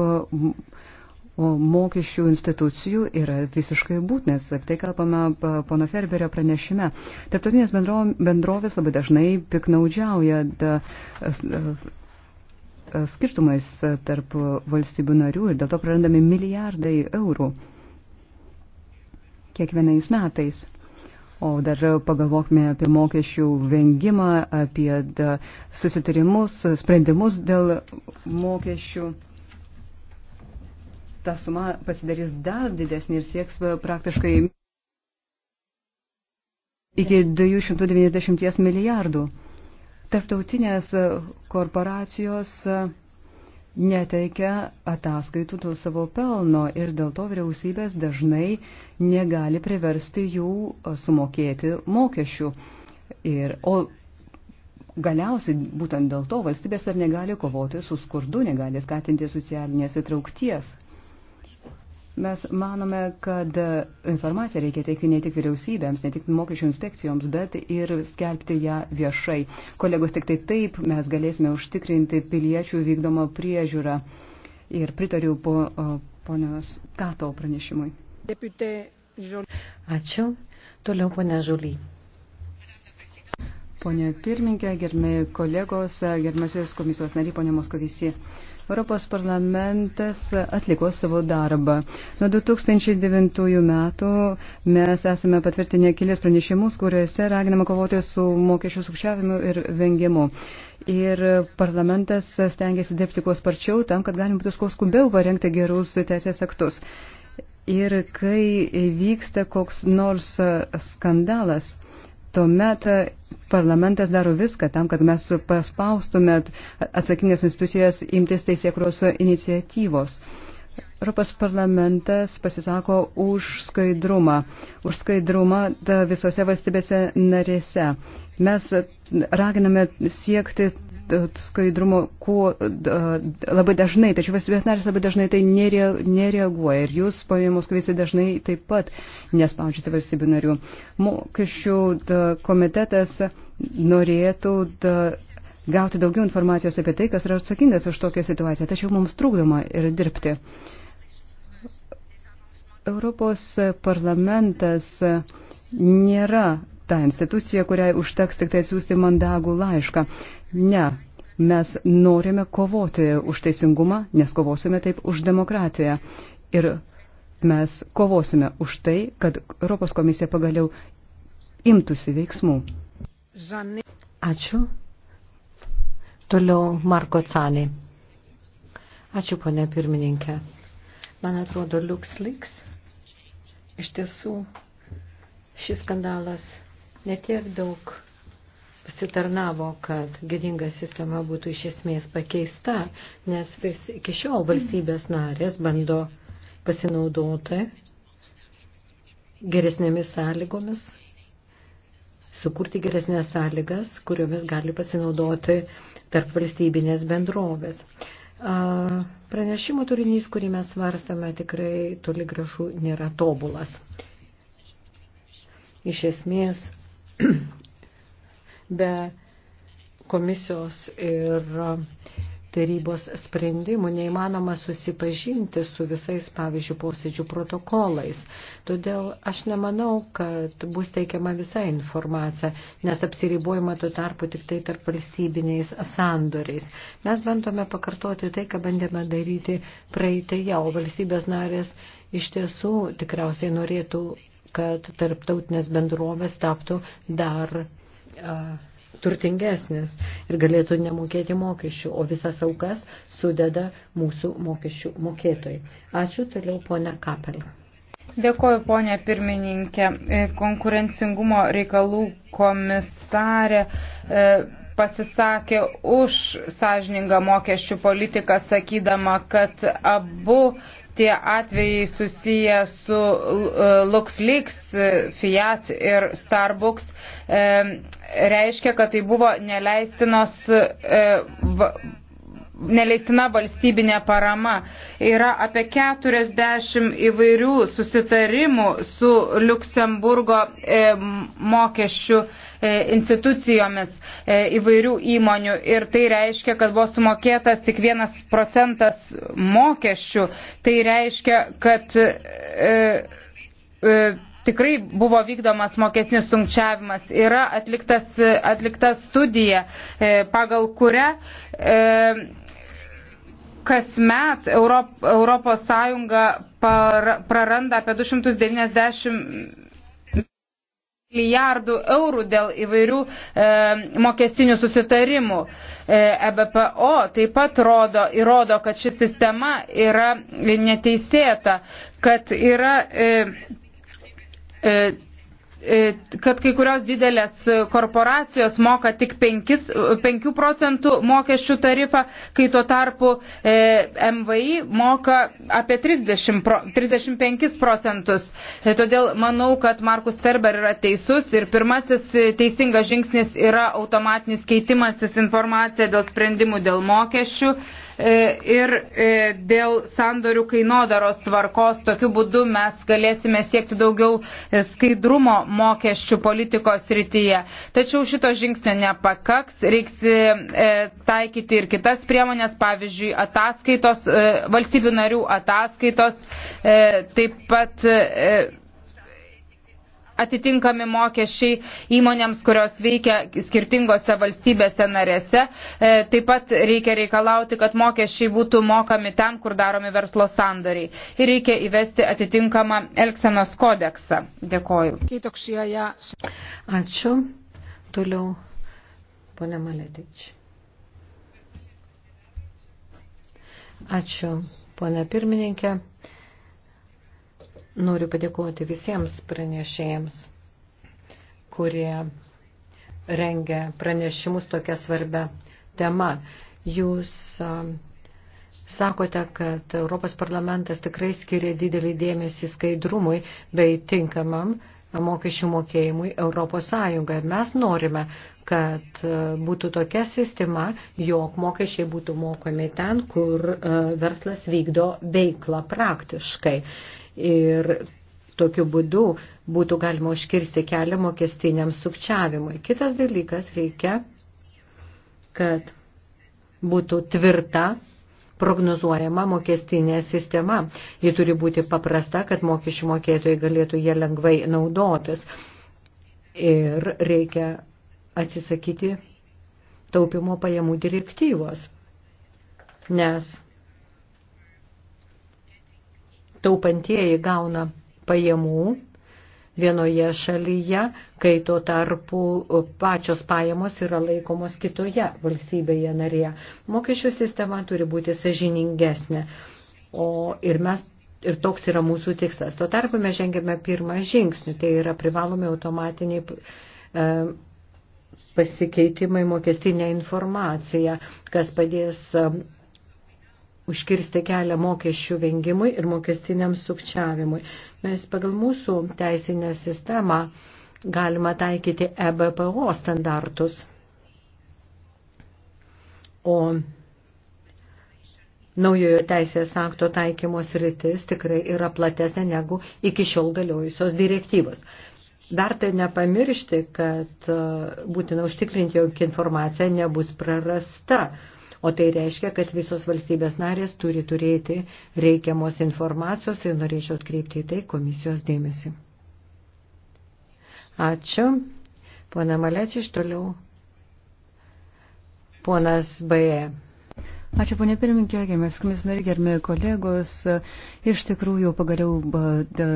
mokesčių institucijų yra visiškai būtinas. Tai kalbame pono Ferberio pranešime. Tarptautinės bendrovės labai dažnai piknaudžiauja da, e, e, skirtumais tarp valstybių narių ir dėl to prarandami milijardai eurų kiekvienais metais. O dar pagalvokime apie mokesčių vengimą, apie susitarimus, sprendimus dėl mokesčių. Ta suma pasidarys dar didesnė ir sieks praktiškai iki 290 milijardų. Tarptautinės korporacijos neteikia ataskaitų dėl savo pelno ir dėl to vyriausybės dažnai negali priversti jų sumokėti mokesčių. Ir, o galiausiai būtent dėl to valstybės ar negali kovoti su skurdu, negali skatinti socialinės įtraukties. Mes manome, kad informaciją reikia teikti ne tik vyriausybėms, ne tik mokesčių inspekcijoms, bet ir skelbti ją viešai. Kolegos, tik tai taip mes galėsime užtikrinti piliečių vykdomą priežiūrą. Ir pritariu po ponios Tato pranešimui. Ačiū. Toliau ponia Žuly. Pone pirmininkė, gerbėjai kolegos, gerbiamasis komisijos nariai, ponia Moskovisi. Europos parlamentas atliko savo darbą. Nuo 2009 metų mes esame patvirtinę kelias pranešimus, kuriuose raginama kovoti su mokesčių sukčiavimu ir vengimu. Ir parlamentas stengiasi dirbti kuo sparčiau, tam, kad galim būtų kuo skubiau parengti gerus teisės aktus. Ir kai vyksta koks nors skandalas, tuomet parlamentas daro viską tam, kad mes paspaustumėt atsakingas institucijas imtis teisėkros iniciatyvos. Europos parlamentas pasisako už skaidrumą, už skaidrumą visose valstybėse narėse. Mes raginame siekti skaidrumo kuo labai dažnai, tačiau valstybės narės labai dažnai tai nere, nereaguoja ir jūs, poje Moskvėsi, dažnai taip pat nespaudžiate valstybių narių. Mokesčių komitetas norėtų da, gauti daugiau informacijos apie tai, kas yra atsakingas už tokią situaciją, tačiau mums trukdoma yra dirbti. Uh, Europos parlamentas nėra ta institucija, kuriai užteks tik tai siūsti mandagų laišką. Ne, mes norime kovoti už teisingumą, nes kovosime taip už demokratiją. Ir mes kovosime už tai, kad Europos komisija pagaliau imtųsi veiksmų. Ačiū. Toliau Marko Cani. Ačiū, ponia pirmininkė. Man atrodo, liuks liks. liks Iš tiesų, šis skandalas netiek daug pasitarnavo, kad gėdinga sistema būtų iš esmės pakeista, nes vis iki šiol valstybės narės bando pasinaudoti geresnėmis sąlygomis, sukurti geresnės sąlygas, kuriomis gali pasinaudoti tarp valstybinės bendrovės. Pranešimo turinys, kurį mes svarstame, tikrai toli gražu nėra tobulas. Iš esmės, be komisijos ir tarybos sprendimų neįmanoma susipažinti su visais, pavyzdžiui, posėdžių protokolais. Todėl aš nemanau, kad bus teikiama visa informacija, nes apsiribuojama tuo tarpu tik tai tarp valstybiniais sandoriais. Mes bandome pakartoti tai, ką bandėme daryti praeitėje, o valstybės narės iš tiesų tikriausiai norėtų kad tarptautinės bendrovės taptų dar uh, turtingesnis ir galėtų nemokėti mokesčių, o visas aukas sudeda mūsų mokesčių mokėtojai. Ačiū toliau, ponia Kapel. Dėkoju, ponė pirmininkė. E, konkurencingumo reikalų komisarė e, pasisakė už sąžiningą mokesčių politiką, sakydama, kad abu tie atvejai susiję su e, LuxLeaks, e, Fiat ir Starbucks e, reiškia, kad tai buvo neleistinos neleistina valstybinė parama. Yra apie 40 įvairių susitarimų su Luksemburgo e, mokesčių e, institucijomis e, įvairių įmonių ir tai reiškia, kad buvo sumokėtas tik vienas procentas mokesčių. Tai reiškia, kad e, e, tikrai buvo vykdomas mokesnis sunkčiavimas. Yra atliktas, atlikta studija, e, pagal kurią e, kasmet Europ, Europos Sąjunga par, praranda apie 290 milijardų eurų dėl įvairių e, mokestinių susitarimų. E, EBPO taip pat rodo, įrodo, kad ši sistema yra neteisėta, kad yra e, e, E, kad kai kurios didelės korporacijos moka tik 5, 5 procentų mokesčių tarifą, kai tuo tarpu e, MVI moka apie 30, 35 procentus. E, todėl manau, kad Markus Ferber yra teisus ir pirmasis e, teisingas žingsnis yra automatinis keitimasis informacija dėl sprendimų dėl mokesčių. E, E, ir e, dėl sandorių kainodaros tvarkos. Tokiu būdu mes galėsime siekti daugiau e, skaidrumo mokesčių politikos rytyje. Tačiau šito žingsnio nepakaks, reiks taikyti ir kitas priemonės, pavyzdžiui, ataskaitos, valstybių narių ataskaitos, taip pat atitinkami mokesčiai įmonėms, kurios veikia skirtingose valstybėse narėse. E, taip pat reikia reikalauti, kad mokesčiai būtų mokami ten, kur daromi verslo sandoriai. Ir reikia įvesti atitinkamą Elksenos kodeksą. Dėkoju. Ačiū. Toliau, ponė Maletič. Ačiū, ponė pirmininkė. Noriu padėkoti visiems pranešėjams, kurie rengia pranešimus tokią svarbę temą. Jūs sakote, kad Europos parlamentas tikrai skiria didelį dėmesį skaidrumui bei tinkamam mokesčių mokėjimui Europos Sąjungai. Mes norime, kad būtų tokia sistema, jog mokesčiai būtų mokami ten, kur verslas vykdo veiklą praktiškai ir tokiu būdu būtų galima užkirsti kelią mokestiniam sukčiavimui. Kitas dalykas reikia, kad būtų tvirta prognozuojama mokestinė sistema. Ji turi būti paprasta, kad mokesčių mokėtojai galėtų ją lengvai naudotis. Ir reikia atsisakyti taupimo pajamų direktyvos, nes taupantieji gauna pajamų vienoje šalyje, kai tuo tarpu pačios pajamos yra laikomos kitoje valstybėje narėje. Mokesčių sistema turi būti sažiningesnė. O ir mes ir toks yra mūsų tikslas. Tuo tarpu mes žengėme pirmą žingsnį, tai yra privalomi automatiniai e, pasikeitimai mokestinė informacija, kas padės e, užkirsti kelią mokesčių vengimui ir mokestiniam sukčiavimui. Mes pagal mūsų teisinę sistemą galima taikyti EBPO standartus. O naujojo teisės akto taikymos rytis tikrai yra platesnė negu iki šiol galiojusios direktyvos. Dar tai nepamiršti, kad būtina užtikrinti, jog informacija nebus prarasta O tai reiškia, kad visos valstybės narės turi turėti reikiamos informacijos ir norėčiau atkreipti į tai komisijos dėmesį. Ačiū. Pone Malečiš, toliau. Ponas Baje. Ačiū, ponė pirmininkė, gerbės komisijos nariai, gerbė kolegos. Iš tikrųjų, pagaliau da,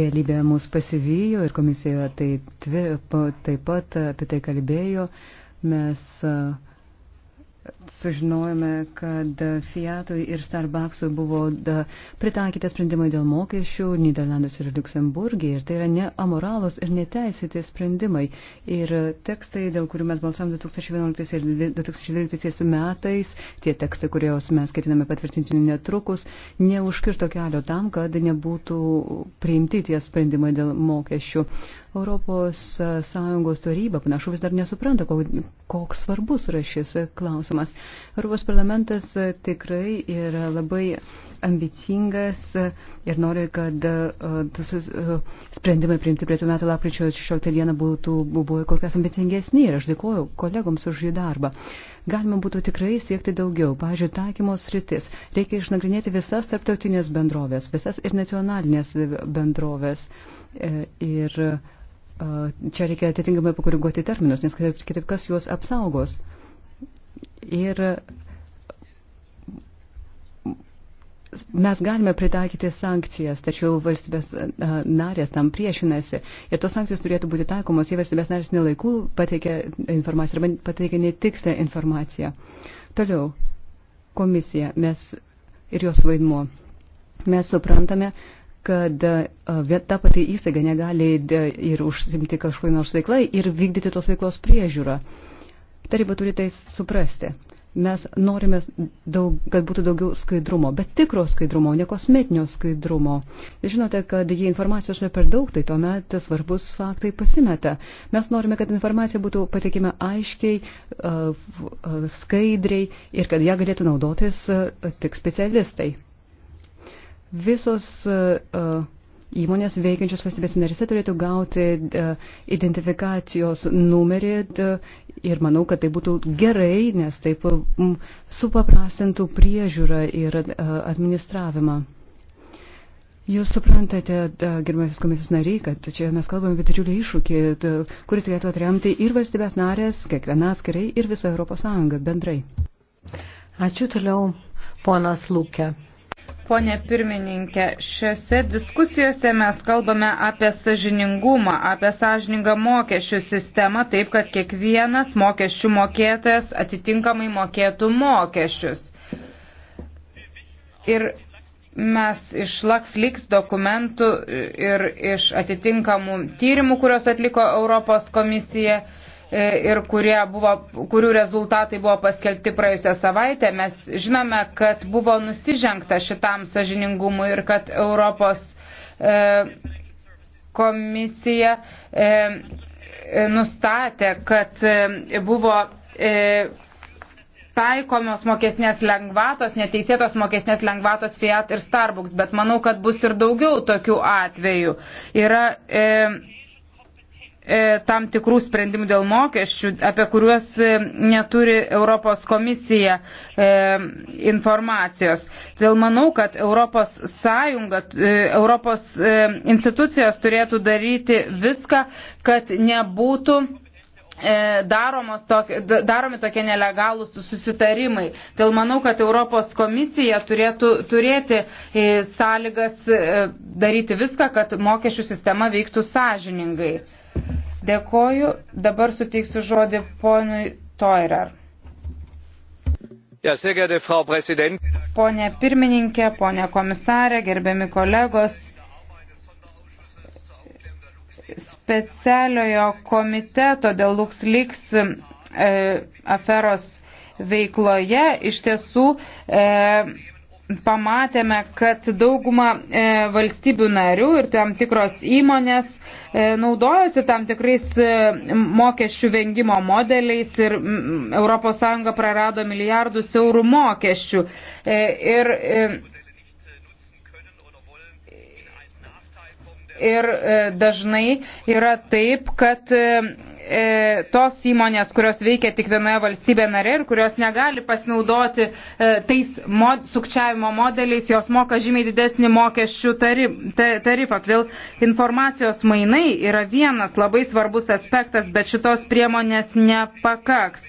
realybė mūsų pasivijo ir komisijoje tai tvir, taip pat apie tai kalbėjo. Mes sužinojome, kad Fiatui ir Starbucksui buvo da, pritaikyta sprendimai dėl mokesčių Niderlandus ir Luksemburgė. Ir tai yra neamoralūs ir neteisėti sprendimai. Ir tekstai, dėl kurių mes balsavom 2011 ir 2012 metais, tie tekstai, kuriuos mes ketiname patvirtinti netrukus, neužkirto kelio tam, kad nebūtų priimti tie sprendimai dėl mokesčių. Europos Sąjungos taryba, panašu, vis dar nesupranta, koks svarbus yra šis klausimas. Europos parlamentas e, tikrai yra labai ambicingas e, ir nori, kad e, sprendimai priimti prie tų metų lapkričio 16 dieną būtų buvo kur kas ambicingesni ir aš dėkoju kolegoms už jų darbą. Galima būtų tikrai siekti daugiau, pažiūrėjau, taikymos rytis. Reikia išnagrinėti visas tarptautinės bendrovės, visas ir nacionalinės bendrovės. Ir čia reikia atitinkamai pakoreguoti terminus, nes kitaip kas juos apsaugos. Ir mes galime pritaikyti sankcijas, tačiau valstybės e, narės tam priešinasi. Ir tos sankcijos turėtų būti taikomos, jei valstybės narės nelaikų pateikia informaciją arba pateikia netikslę informaciją. Toliau, komisija mes ir jos vaidmuo. Mes suprantame, kad e, ta pati įstaiga negali e, ir užsimti kažkokią nors veiklą ir vykdyti tos veiklos priežiūrą. Uh, Taryba turi tai suprasti. Mes norime, daug, kad būtų daugiau skaidrumo, bet tikro skaidrumo, ne kosmetinio skaidrumo. Žinote, kad jei informacijos yra per daug, tai tuomet svarbus faktai pasimeta. Mes norime, kad informacija būtų patikima aiškiai, skaidriai ir kad ją galėtų naudotis tik specialistai. Visos uh, Įmonės veikiančios valstybės narise turėtų gauti e, identifikacijos numerį ir manau, kad tai būtų gerai, nes taip supaprastintų priežiūrą ir e, administravimą. Jūs suprantate, e, gerbiamasis komisijos nariai, kad čia mes kalbame apie didžiulį iššūkį, kurį turėtų atremti ir valstybės narės, kiekviena atskirai ir visa Europos Sąjunga bendrai. Ačiū toliau, ponas Lūkė. Pone pirmininkė, šiuose diskusijose mes kalbame apie sažiningumą, apie sažiningą mokesčių sistemą, taip kad kiekvienas mokesčių mokėtojas atitinkamai mokėtų mokesčius. Ir mes iš LaxLix dokumentų ir iš atitinkamų tyrimų, kurios atliko Europos komisija, E, ir buvo, kurių rezultatai buvo paskelbti praėjusią savaitę, mes žinome, kad buvo nusižengta šitam sažiningumui ir kad Europos e, komisija e, nustatė, kad buvo taikomos mokesnės lengvatos, neteisėtos mokesnės lengvatos Fiat ir Starbucks, bet manau, kad bus ir daugiau tokių atvejų. Yra, e, E, tam tikrų sprendimų dėl mokesčių, apie kuriuos e, neturi Europos komisija e, informacijos. Todėl manau, kad Europos Sąjunga, Europos institucijos turėtų daryti viską, kad nebūtų Tok, daromi tokie nelegalūs susitarimai. Dėl manau, kad Europos komisija turėtų turėti sąlygas daryti viską, kad mokesčių sistema veiktų sąžiningai. Dėkoju. Dabar suteiksiu žodį ponui Toirer. Ja, Pone pirmininkė, ponė komisarė, gerbiami kolegos, specialiojo komiteto dėl LuxLeaks e, aferos veikloje iš tiesų e, pamatėme, kad dauguma e, valstybių narių ir tam tikros įmonės e, E, naudojasi tam tikrais e, mokesčių vengimo modeliais ir ES prarado milijardus eurų mokesčių. E, ir, ir dažnai yra taip, kad e, tos įmonės, kurios veikia tik vienoje valstybė narė ir kurios negali pasinaudoti e, tais mod, sukčiavimo modeliais, jos moka žymiai didesnį mokesčių tari, ta, tarifą. Todėl informacijos mainai yra vienas labai svarbus aspektas, bet šitos priemonės nepakaks.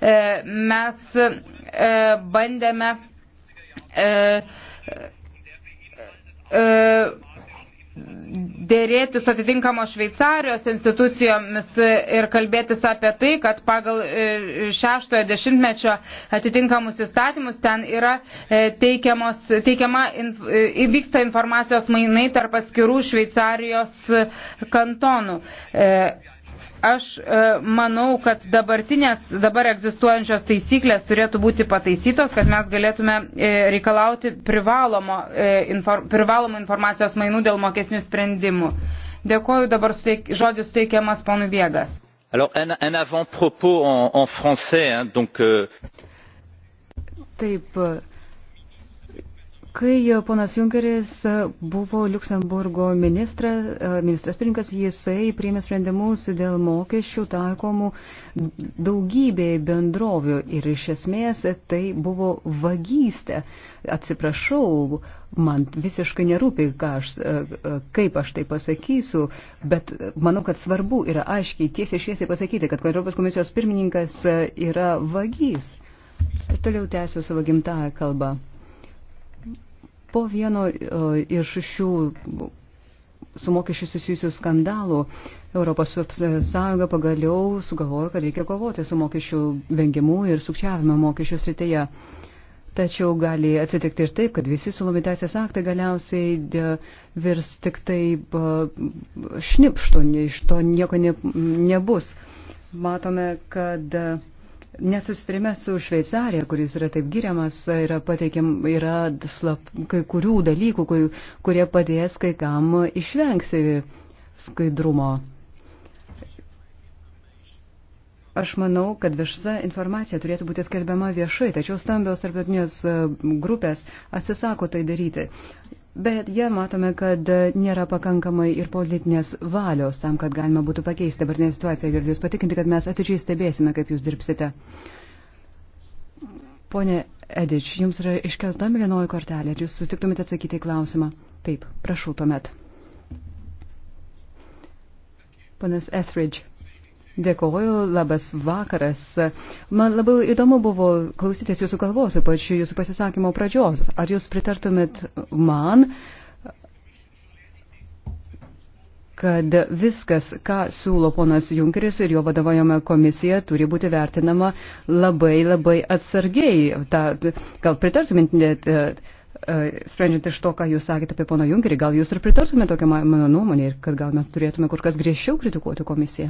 E, mes e, bandėme. E, e, dėrėti su atitinkamo Šveicarijos institucijomis ir kalbėtis apie tai, kad pagal e, šeštojo dešimtmečio atitinkamus įstatymus ten yra e, teikiamos, teikiama, e, vyksta informacijos mainai tarp atskirų Šveicarijos kantonų. Aš e, manau, kad dabartinės, dabar egzistuojančios taisyklės turėtų būti pataisytos, kad mes galėtume e, reikalauti privalomo, e, privalomo informacijos mainų dėl mokesnių sprendimų. Dėkoju, dabar suteik, žodis suteikiamas ponu Viegas. Alors, un, un avant-propos en, en français, hein, donc. Euh... Taip, Kai ponas Junkeris buvo Luxemburgo ministra, e, ministras pirinkas, jisai priėmė sprendimus dėl mokesčių taikomų daugybėj bendrovių ir iš esmės tai buvo vagystė. Atsiprašau, man visiškai nerūpi, aš, e, e, kaip aš tai pasakysiu, bet manau, kad svarbu yra aiškiai tiesiai šviesiai pasakyti, kad Europos komisijos pirmininkas yra vagys. Ir toliau tęsiu savo gimtąją kalbą. Po vieno e, iš šių su mokesčiu susijusių skandalų Europos Sąjunga pagaliau sugalvojo, kad reikia kovoti su mokesčių vengimu ir sukčiavimo mokesčių srityje. Tačiau gali atsitikti ir taip, kad visi sulomi teisės aktai galiausiai e, virs tik tai e, šnipštų, iš to nieko ne, nebus. Matome, kad Nesusitrime su Šveicarija, kuris yra taip giriamas, yra, pateikiam, yra slap, kai kurių dalykų, kai, kurie padės kai kam išvengti skaidrumo. Aš manau, kad visa informacija turėtų būti skelbiama viešai, tačiau stambios tarptautinės e, grupės atsisako tai daryti. Bet jie matome, kad nėra pakankamai ir politinės valios tam, kad galima būtų pakeisti dabartinę situaciją. Galiu Jūs patikinti, kad mes atidžiai stebėsime, kaip Jūs dirbsite. Pone Edič, Jums yra iškelta milinoji kortelė. Ar Jūs sutiktumėte atsakyti į klausimą? Taip, prašau tuomet. Ponas Etheridge. Dėkoju, labas vakaras. Man labai įdomu buvo klausytis jūsų kalbos, ypač jūsų pasisakymo pradžios. Ar jūs pritartumėt man, kad viskas, ką siūlo ponas Junkeris ir jo vadovaujama komisija, turi būti vertinama labai labai atsargiai. Ta, gal pritartumėt net. E, sprendžiant iš to, ką jūs sakėte apie pono Junkerį, gal jūs ir pritartumėte tokią mano nuomonę ir kad gal mes turėtume kur kas griežčiau kritikuoti komisiją?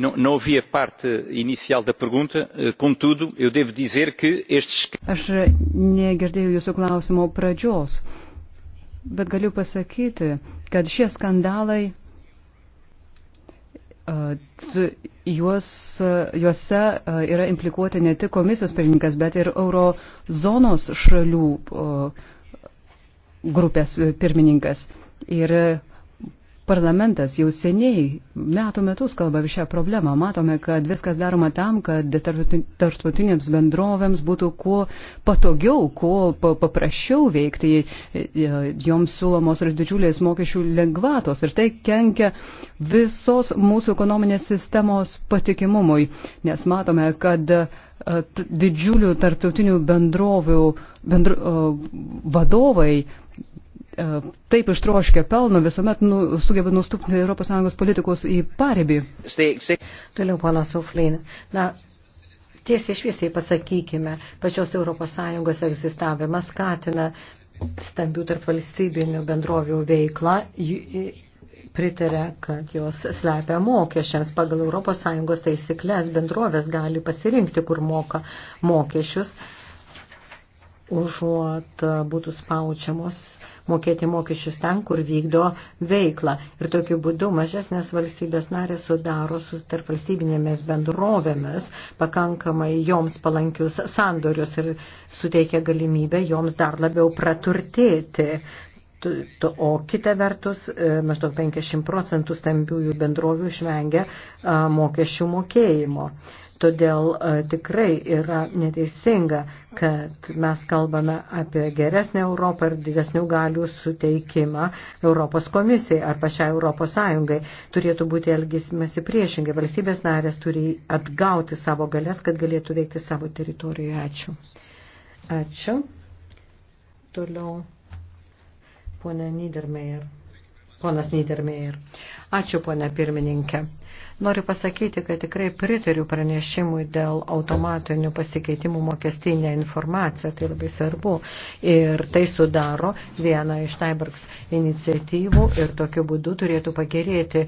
Não, não ouvi a parte inicial da pergunta, eh, contudo, eu devo dizer que estes. Aš negirdėjau jūsų klausimo pradžios, bet galiu pasakyti, kad šie skandalai, juos, juose yra implikuoti ne tik komisijos pirmininkas, bet ir eurozonos šalių grupės pirmininkas. Ir parlamentas jau seniai metų metus kalba apie šią problemą. Matome, kad viskas daroma tam, kad tarptautinėms bendrovėms būtų kuo patogiau, kuo paprasčiau veikti. E, e, joms siūlomos yra didžiulės mokesčių lengvatos ir tai kenkia visos mūsų ekonominės sistemos patikimumui, nes matome, kad e, didžiulių tarptautinių bendrovių bendru, vadovai E, taip ištroškio pelno visuomet nu, sugeba nustupti ES politikos į parebį. Toliau, ponas Uflin. Na, tiesiai šviesiai pasakykime, pačios ES egzistavimas skatina stambių tarp valstybinių bendrovių veiklą pritarė, kad jos slepia mokesčiams. Pagal ES taisyklės bendrovės gali pasirinkti, kur moka mokesčius užuot e, būtų spaučiamos mokėti mokesčius ten, kur vykdo veiklą. Ir tokiu būdu mažesnės valstybės narės sudaro su tarp valstybinėmis bendrovėmis pakankamai joms palankius sandorius ir suteikia galimybę joms dar labiau praturtėti. O kita vertus, e, maždaug 50 procentų stambiųjų bendrovių išvengia e, mokesčių mokėjimo. Todėl e, tikrai yra neteisinga, kad mes kalbame apie geresnę Europą ir didesnių galių suteikimą Europos komisijai ar pačiai Europos Sąjungai. Turėtų būti elgisimasi priešingai. Valstybės narės turi atgauti savo galės, kad galėtų veikti savo teritorijoje. Ačiū. Ačiū. Toliau. Pone Niedermeyer. Ponas Niedermeyer. Ačiū, ponė pirmininkė. Noriu pasakyti, kad tikrai pritariu pranešimui dėl automatinių pasikeitimų mokestinė informacija, tai labai svarbu. Ir tai sudaro vieną iš Taibergs iniciatyvų ir tokiu būdu turėtų pagerėti e,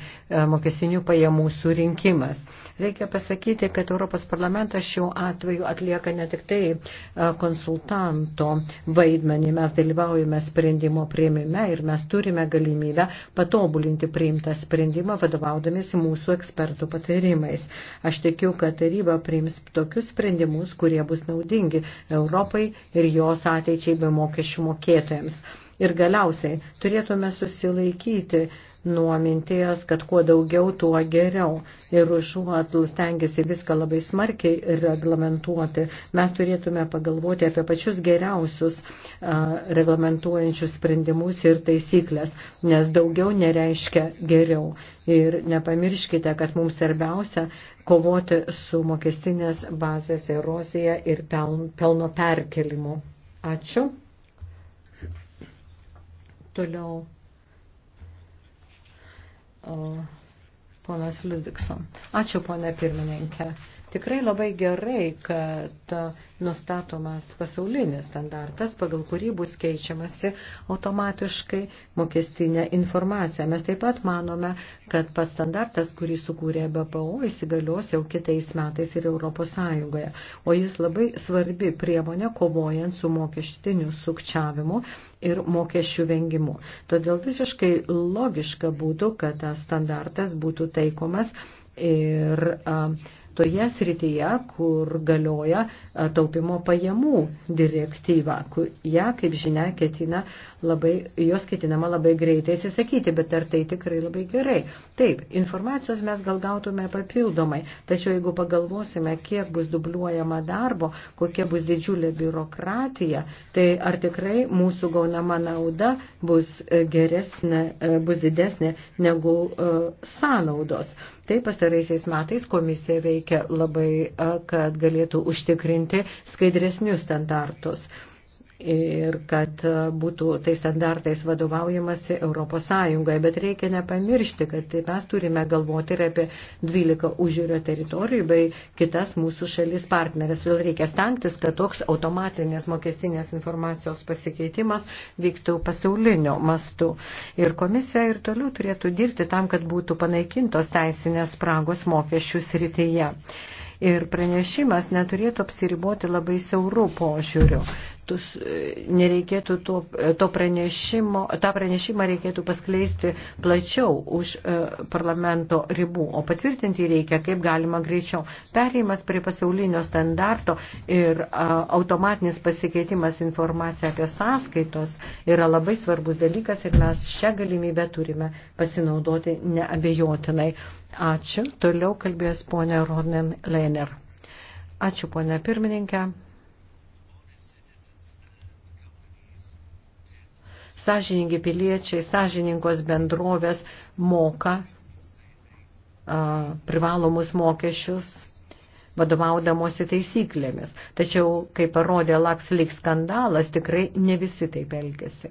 mokestinių pajamų surinkimas. Reikia pasakyti, kad Europos parlamentas šiuo atveju atlieka ne tik tai e, konsultanto vaidmenį, mes dalyvaujame sprendimo prieimime ir mes turime galimybę patobulinti priimtą sprendimą vadovaudamėsi mūsų ekspertų ekspertų pasirimais. Aš tikiu, kad taryba priims tokius sprendimus, kurie bus naudingi Europai ir jos ateičiai bei mokesčių mokėtojams. Ir galiausiai turėtume susilaikyti nuo minties, kad kuo daugiau, tuo geriau. Ir užuot stengiasi viską labai smarkiai reglamentuoti, mes turėtume pagalvoti apie pačius geriausius uh, reglamentuojančius sprendimus ir taisyklės, nes daugiau nereiškia geriau. Ir nepamirškite, kad mums svarbiausia kovoti su mokestinės bazės erozija ir pelno perkelimu. Ačiū. Toliau o, ponas Ludvikson. Ačiū, ponė pirmininkė. Tikrai labai gerai, kad nustatomas pasaulinis standartas, pagal kurį bus keičiamasi automatiškai mokestinė informacija. Mes taip pat manome, kad pats standartas, kurį sukūrė BPO, įsigalios jau kitais metais ir Europos Sąjungoje. O jis labai svarbi priemonė kovojant su mokesčių sukčiavimu ir mokesčių vengimu. Todėl visiškai logiška būtų, kad tas standartas būtų taikomas ir uh, toje srityje, kur galioja e, taupimo pajamų direktyva. Ja, kaip žinia, ketina labai, jos ketinama labai greitai atsisakyti, bet ar tai tikrai labai gerai? Taip, informacijos mes gal gautume papildomai, tačiau jeigu pagalvosime, kiek bus dubliuojama darbo, kokia bus didžiulė biurokratija, tai ar tikrai mūsų gaunama nauda bus e, geresnė, e, bus didesnė negu sąnaudos. Tai pastaraisiais metais komisija veikia labai, kad galėtų užtikrinti skaidresnius standartus ir kad būtų tai standartais vadovaujamasi Europos Sąjungoje. Bet reikia nepamiršti, kad tai mes turime galvoti ir apie 12 užžiūrio teritorijų bei kitas mūsų šalis partneris. Todėl reikia stengtis, kad toks automatinės mokestinės informacijos pasikeitimas vyktų pasaulinio mastu. Ir komisija ir toliau turėtų dirbti tam, kad būtų panaikintos teisinės spragos mokesčių srityje ir pranešimas neturėtų apsiriboti labai siaurų požiūrių tus, e, nereikėtų to, e, to pranešimo, tą pranešimą reikėtų paskleisti plačiau už e, parlamento ribų, o patvirtinti reikia kaip galima greičiau. Perėjimas prie pasaulinio standarto ir e, automatinis pasikeitimas informacija apie sąskaitos yra labai svarbus dalykas ir mes šią galimybę turime pasinaudoti neabejotinai. Ačiū. Toliau kalbės ponė Ronen Leiner. Ačiū ponė pirmininkė. Sažiningi piliečiai, sažiningos bendrovės moka a, privalomus mokesčius vadovaudamosi taisyklėmis. Tačiau, kaip parodė LuxLeaks skandalas, tikrai ne visi taip elgesi.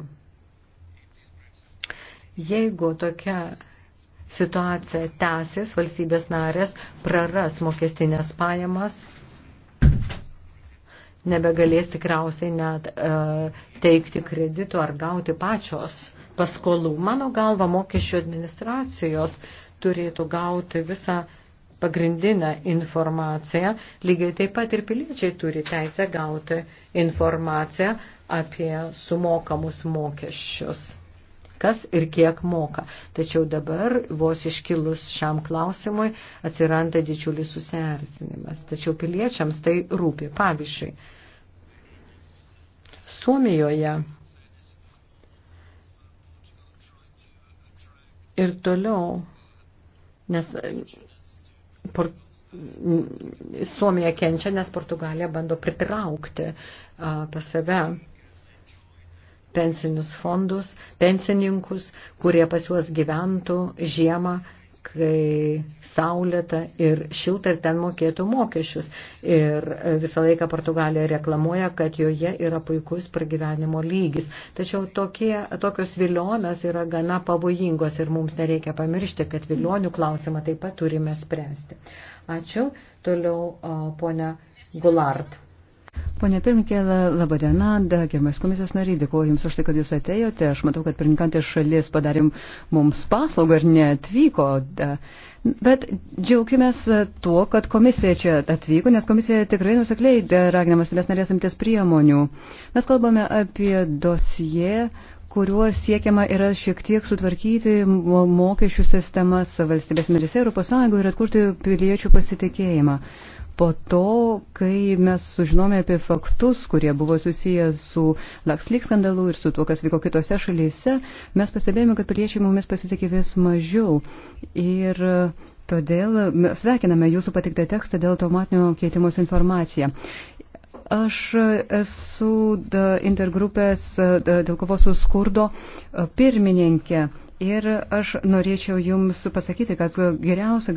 Jeigu tokia situacija tęsis, valstybės narės praras mokestinės pajamas nebegalės tikriausiai net e, teikti kredito ar gauti pačios paskolų. Mano galva, mokesčių administracijos turėtų gauti visą pagrindinę informaciją. Lygiai taip pat ir piliečiai turi teisę gauti informaciją apie sumokamus mokesčius kas ir kiek moka. Tačiau dabar, vos iškilus šiam klausimui, atsiranda didžiulis susierzinimas. Tačiau piliečiams tai rūpi. Pavyzdžiui, Suomijoje ir toliau, nes por, Suomija kenčia, nes Portugalija bando pritraukti a, pas save pensinius fondus, pensininkus, kurie pas juos gyventų žiemą, kai saulėta ir šilta ir ten mokėtų mokesčius. Ir e, visą laiką Portugalija reklamuoja, kad joje yra puikus pragyvenimo lygis. Tačiau tokie, tokios vilionės yra gana pavojingos ir mums nereikia pamiršti, kad vilionių klausimą taip pat turime spręsti. Ačiū. Toliau ponia Gulart. Pone pirmininkė, laba diena, gerbiamas komisijos nariai, dėkuoju Jums už tai, kad Jūs atėjote. Aš matau, kad pirmininkantė šalis padarėm mums paslaugą ir neatvyko. Da. Bet džiaugiamės tuo, kad komisija čia atvyko, nes komisija tikrai nusekliai raginamas mes narės imtis priemonių. Mes kalbame apie dosiją, kuriuo siekiama yra šiek tiek sutvarkyti mokesčių sistemas valstybės narėse Europos Sąjungoje ir atkurti piliečių pasitikėjimą po to, kai mes sužinome apie faktus, kurie buvo susiję su Lakslik skandalu ir su tuo, kas vyko kitose šalyse, mes pastebėjome, kad piliečiai mumis pasitikė vis mažiau. Ir e, todėl sveikiname jūsų patiktą tekstą dėl automatinio keitimos informaciją. Aš esu e, intergrupės e, dėl kovos su skurdo pirmininkė Ir aš norėčiau Jums pasakyti, kad geriausia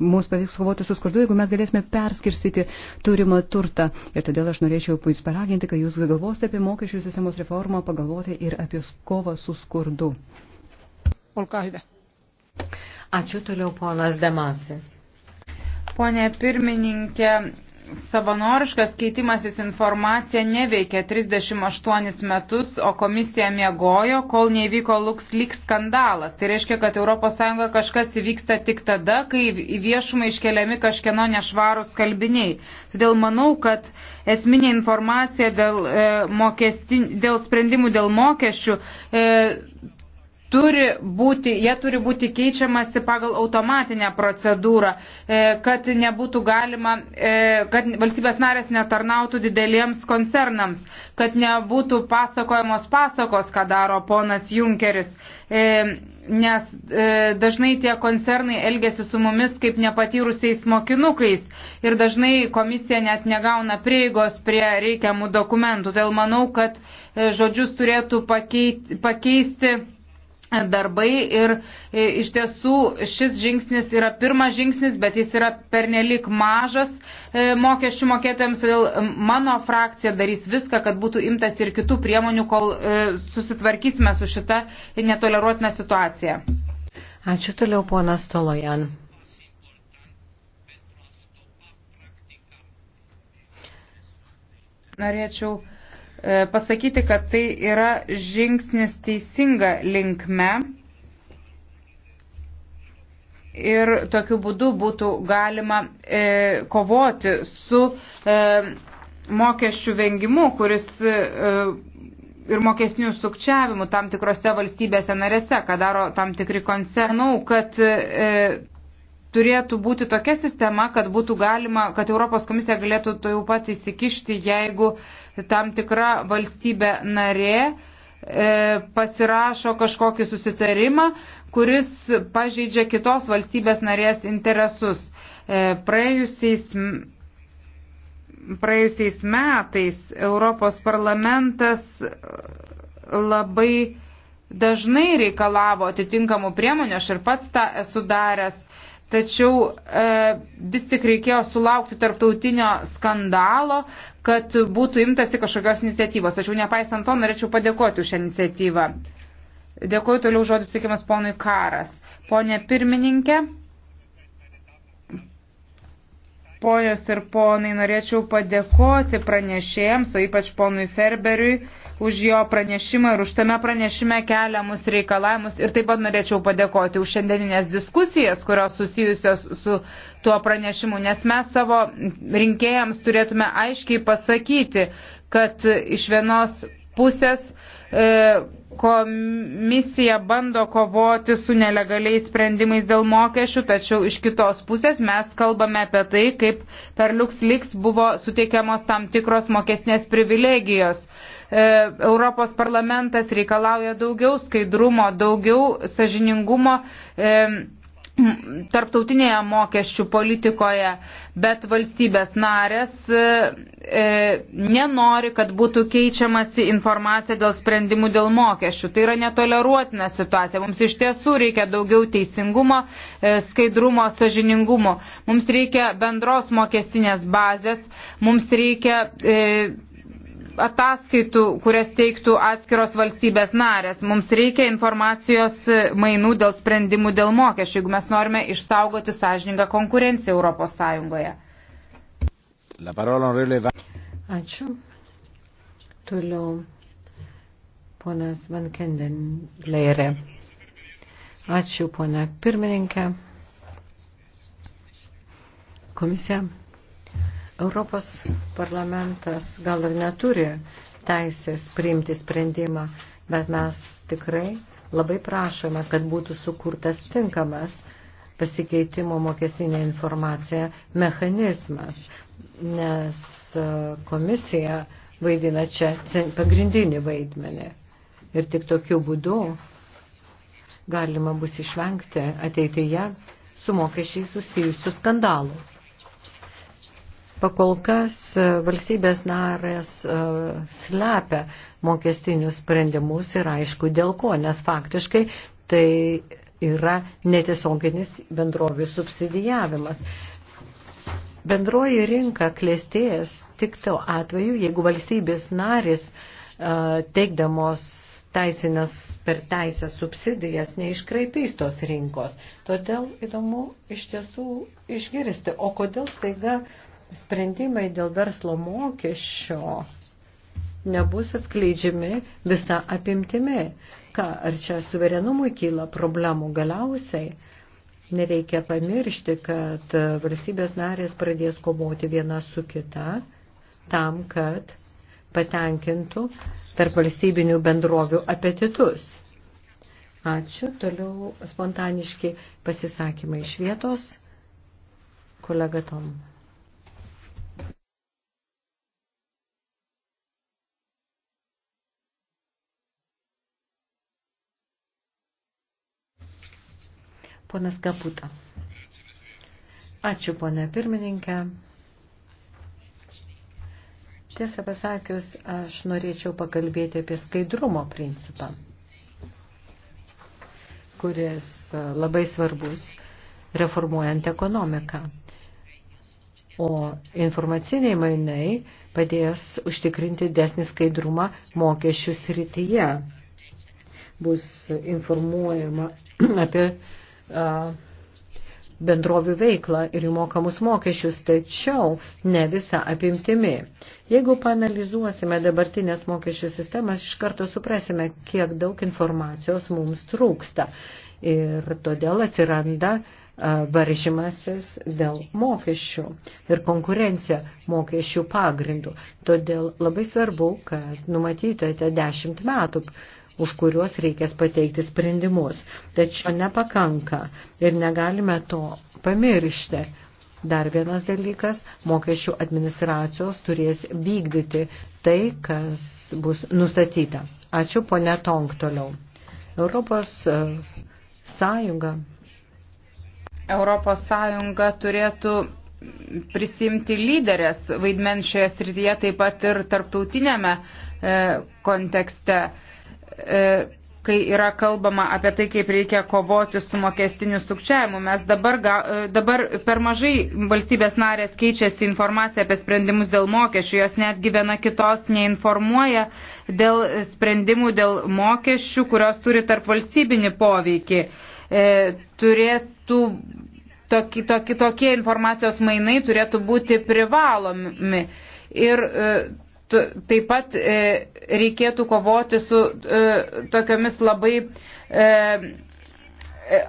mums pavyks kovoti su skurdu, jeigu mes galėsime perskirstyti turimą turtą. Ir todėl aš norėčiau Jūs paraginti, kad Jūs galvosite apie mokesčių sistemos reformą, pagalvoti ir apie kovą su skurdu. Olka hyvä. Ačiū toliau, ponas Demasi. Pone pirmininkė, savanoriškas keitimasis informacija neveikia 38 metus, o komisija miegojo, kol neįvyko LuxLeaks skandalas. Tai reiškia, kad ES kažkas įvyksta tik tada, kai į viešumą iškeliami kažkieno nešvarūs kalbiniai. Todėl manau, kad esminė informacija dėl, e, mokesti, dėl sprendimų dėl mokesčių e, turi būti, jie turi būti keičiamasi pagal automatinę procedūrą, e, kad nebūtų galima, e, kad valstybės narės netarnautų dideliems koncernams, kad nebūtų pasakojamos pasakos, ką daro ponas Junkeris, e, nes dažnai tie koncernai elgesi su mumis kaip nepatyrusiais mokinukais ir dažnai komisija net negauna prieigos prie reikiamų dokumentų. Todėl manau, kad žodžius turėtų pakeisti, pakeisti darbai ir e, iš tiesų šis žingsnis yra pirmas žingsnis, bet jis yra pernelik mažas e, mokesčių mokėtėms, todėl mano frakcija darys viską, kad būtų imtas ir kitų priemonių, kol e, susitvarkysime su šita netoleruotina situacija. Ačiū toliau, ponas Tolojan. Norėčiau E, pasakyti, kad tai yra žingsnis teisinga linkme. Ir tokiu būdu būtų galima e, kovoti su e, mokesčių vengimu, kuris e, ir mokesnių sukčiavimų tam tikrose valstybėse narėse, ką daro tam tikri koncernai, kad e, turėtų būti tokia sistema, kad būtų galima, kad Europos komisija galėtų to jau pat įsikišti, jeigu tam tikra valstybė narė e, pasirašo kažkokį susitarimą, kuris pažeidžia kitos valstybės narės interesus. E, praėjusiais, praėjusiais metais Europos parlamentas labai dažnai reikalavo atitinkamų priemonių, aš ir pats tą esu daręs tačiau e, vis tik reikėjo sulaukti tarptautinio skandalo, kad būtų imtasi kažkokios iniciatyvos. Tačiau nepaisant to, norėčiau padėkoti už šią iniciatyvą. Dėkuoju toliau žodis sėkimas ponui Karas. Pone pirmininkė, ponios ir ponai, norėčiau padėkoti pranešėjams, o ypač ponui Ferberiui už jo pranešimą ir už tame pranešime keliamus reikalavimus. Ir taip pat norėčiau padėkoti už šiandieninės diskusijas, kurios susijusios su tuo pranešimu, nes mes savo rinkėjams turėtume aiškiai pasakyti, kad iš vienos pusės e, komisija bando kovoti su nelegaliais sprendimais dėl mokesčių, tačiau iš kitos pusės mes kalbame apie tai, kaip per LuxLeaks buvo suteikiamos tam tikros mokesnės privilegijos. E, E, Europos parlamentas reikalauja daugiau skaidrumo, daugiau sažiningumo e, tarptautinėje mokesčių politikoje, bet valstybės narės e, e, nenori, kad būtų keičiamasi informacija dėl sprendimų dėl mokesčių. Tai yra netoleruotina situacija. Mums iš tiesų reikia daugiau teisingumo, e, skaidrumo, sažiningumo. Mums reikia bendros mokestinės bazės, mums reikia. E, ataskaitų, kurias teiktų atskiros valstybės narės. Mums reikia informacijos mainų dėl sprendimų dėl mokesčių, jeigu mes norime išsaugoti sąžiningą konkurenciją Europos Sąjungoje. Ačiū. Toliau ponas Van Kenden Leire. Ačiū, ponė pirmininkė. Komisija. Europos parlamentas gal ir neturi teisės priimti sprendimą, bet mes tikrai labai prašome, kad būtų sukurtas tinkamas pasikeitimo mokestinė informacija mechanizmas, nes e, komisija vaidina čia pagrindinį vaidmenį. Ir tik tokiu būdu galima bus išvengti ateityje su mokesčiai susijusių skandalų pakol kas e, valstybės narės e, slepia mokestinius sprendimus ir aišku dėl ko, nes faktiškai tai yra netiesioginis bendrovių subsidijavimas. Bendroji rinka klėstėjęs tik to atveju, jeigu valstybės narės e, teikdamos teisinės per teisę subsidijas neiškraipys tos rinkos. Todėl įdomu iš tiesų išgirsti, o kodėl staiga uh, sprendimai dėl verslo mokesčio nebus atskleidžiami visa apimtimi. Ką, ar čia suverenumui kyla problemų galiausiai? Nereikia pamiršti, kad valstybės narės pradės kovoti viena su kita tam, kad patenkintų tarp valstybinių bendrovių apetitus. Ačiū. Toliau spontaniški pasisakymai iš vietos. Kolega Tom. Ponas Kaputa. Ačiū, ponė pirmininkė. Tiesą pasakius, aš norėčiau pakalbėti apie skaidrumo principą, kuris labai svarbus reformuojant ekonomiką. O informaciniai mainai padės užtikrinti desnį skaidrumą mokesčių srityje. Bus informuojama apie bendrovių veiklą ir jų mokamus mokesčius, tačiau ne visą apimtimi. Jeigu panalizuosime dabartinės mokesčių sistemas, iš karto suprasime, kiek daug informacijos mums trūksta. Ir todėl atsiranda varžymasis dėl mokesčių ir konkurencija mokesčių pagrindų. Todėl labai svarbu, kad numatytumėte 10 metų už kuriuos reikės pateikti sprendimus. Tačiau nepakanka ir negalime to pamiršti. Dar vienas dalykas - mokesčių administracijos turės vykdyti tai, kas bus nustatyta. Ačiū, ponė Tong, toliau. Europos e, sąjunga. Europos sąjunga turėtų prisimti lyderės vaidmen šioje srityje, taip pat ir tarptautinėme e, kontekste. E, kai yra kalbama apie tai, kaip reikia kovoti su mokestiniu sukčiavimu. Mes dabar, ga, e, dabar per mažai valstybės narės keičiasi informaciją apie sprendimus dėl mokesčių, jos netgi viena kitos neinformuoja dėl sprendimų dėl mokesčių, kurios turi tarp valstybinį poveikį. E, turėtų toki, toki, tokie informacijos mainai turėtų būti privalomi. Ir e, taip pat e, reikėtų kovoti su e, tokiomis labai e,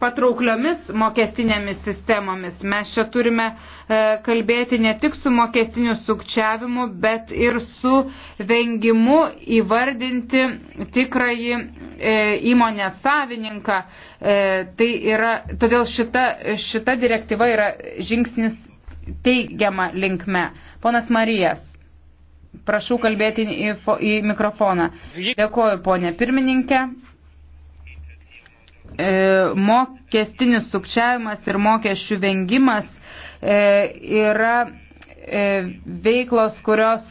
patraukliomis mokestinėmis sistemomis. Mes čia turime kalbėti ne tik su mokestiniu sukčiavimu, bet ir su vengimu įvardinti tikrąjį įmonės savininką. Tai yra, todėl šita, šita direktyva yra žingsnis teigiama linkme. Ponas Marijas. Prašau kalbėti į, į mikrofoną. Dėkuoju, ponė pirmininkė. E, mokestinis sukčiavimas ir mokesčių vengimas e, yra e, veiklos, kurios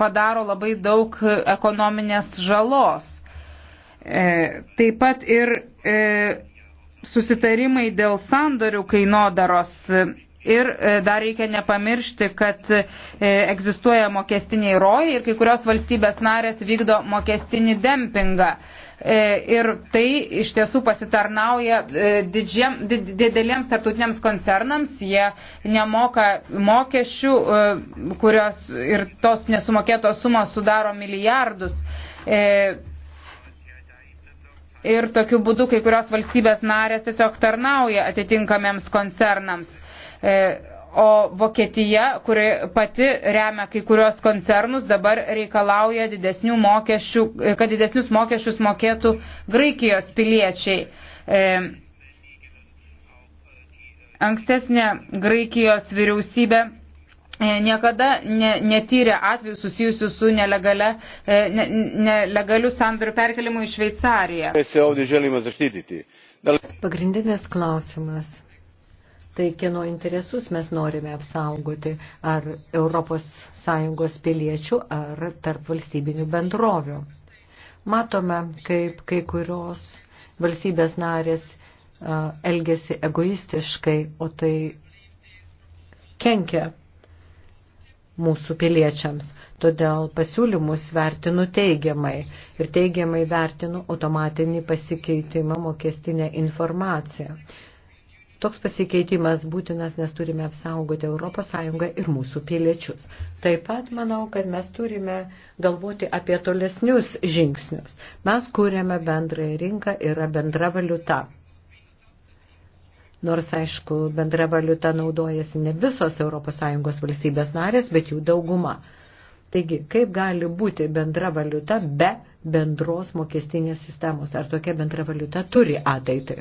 padaro labai daug ekonominės žalos. E, taip pat ir e, susitarimai dėl sandorių kainodaros Ir e, dar reikia nepamiršti, kad e, egzistuoja mokestiniai rojai ir kai kurios valstybės narės vykdo mokestinį dempingą. E, ir tai iš tiesų pasitarnauja didžiam, dideliems tartutiniams koncernams, jie nemoka mokesčių, kurios ir tos nesumokėtos sumos sudaro milijardus. Ir tokiu būdu kai kurios valstybės narės tiesiog tarnauja atitinkamiems koncernams. E, o Vokietija, kuri pati remia kai kurios koncernus, dabar reikalauja didesnių mokesčių, e, kad didesnius mokesčius mokėtų Graikijos piliečiai. E, ankstesnė Graikijos vyriausybė niekada ne, netyrė atvejų susijusių su nelegale, ne, nelegaliu sandorių perkelimu į Šveicariją. Pagrindinės klausimas tai kieno interesus mes norime apsaugoti, ar ES piliečių, ar tarp valstybinių bendrovių. Matome, kaip kai kurios valstybės narės elgesi egoistiškai, o tai kenkia mūsų piliečiams. Todėl pasiūlymus vertinu teigiamai ir teigiamai vertinu automatinį pasikeitimą mokestinę informaciją. Toks pasikeitimas būtinas, nes turime apsaugoti ES ir mūsų piliečius. Taip pat manau, kad mes turime galvoti apie tolesnius žingsnius. Mes kūrėme bendrąją rinką, yra bendra valiuta. Nors, aišku, bendra valiuta naudojasi ne visos ES valstybės narės, bet jų dauguma. Taigi, kaip gali būti bendra valiuta be bendros mokestinės sistemos? Ar tokia bendra valiuta turi ateitį?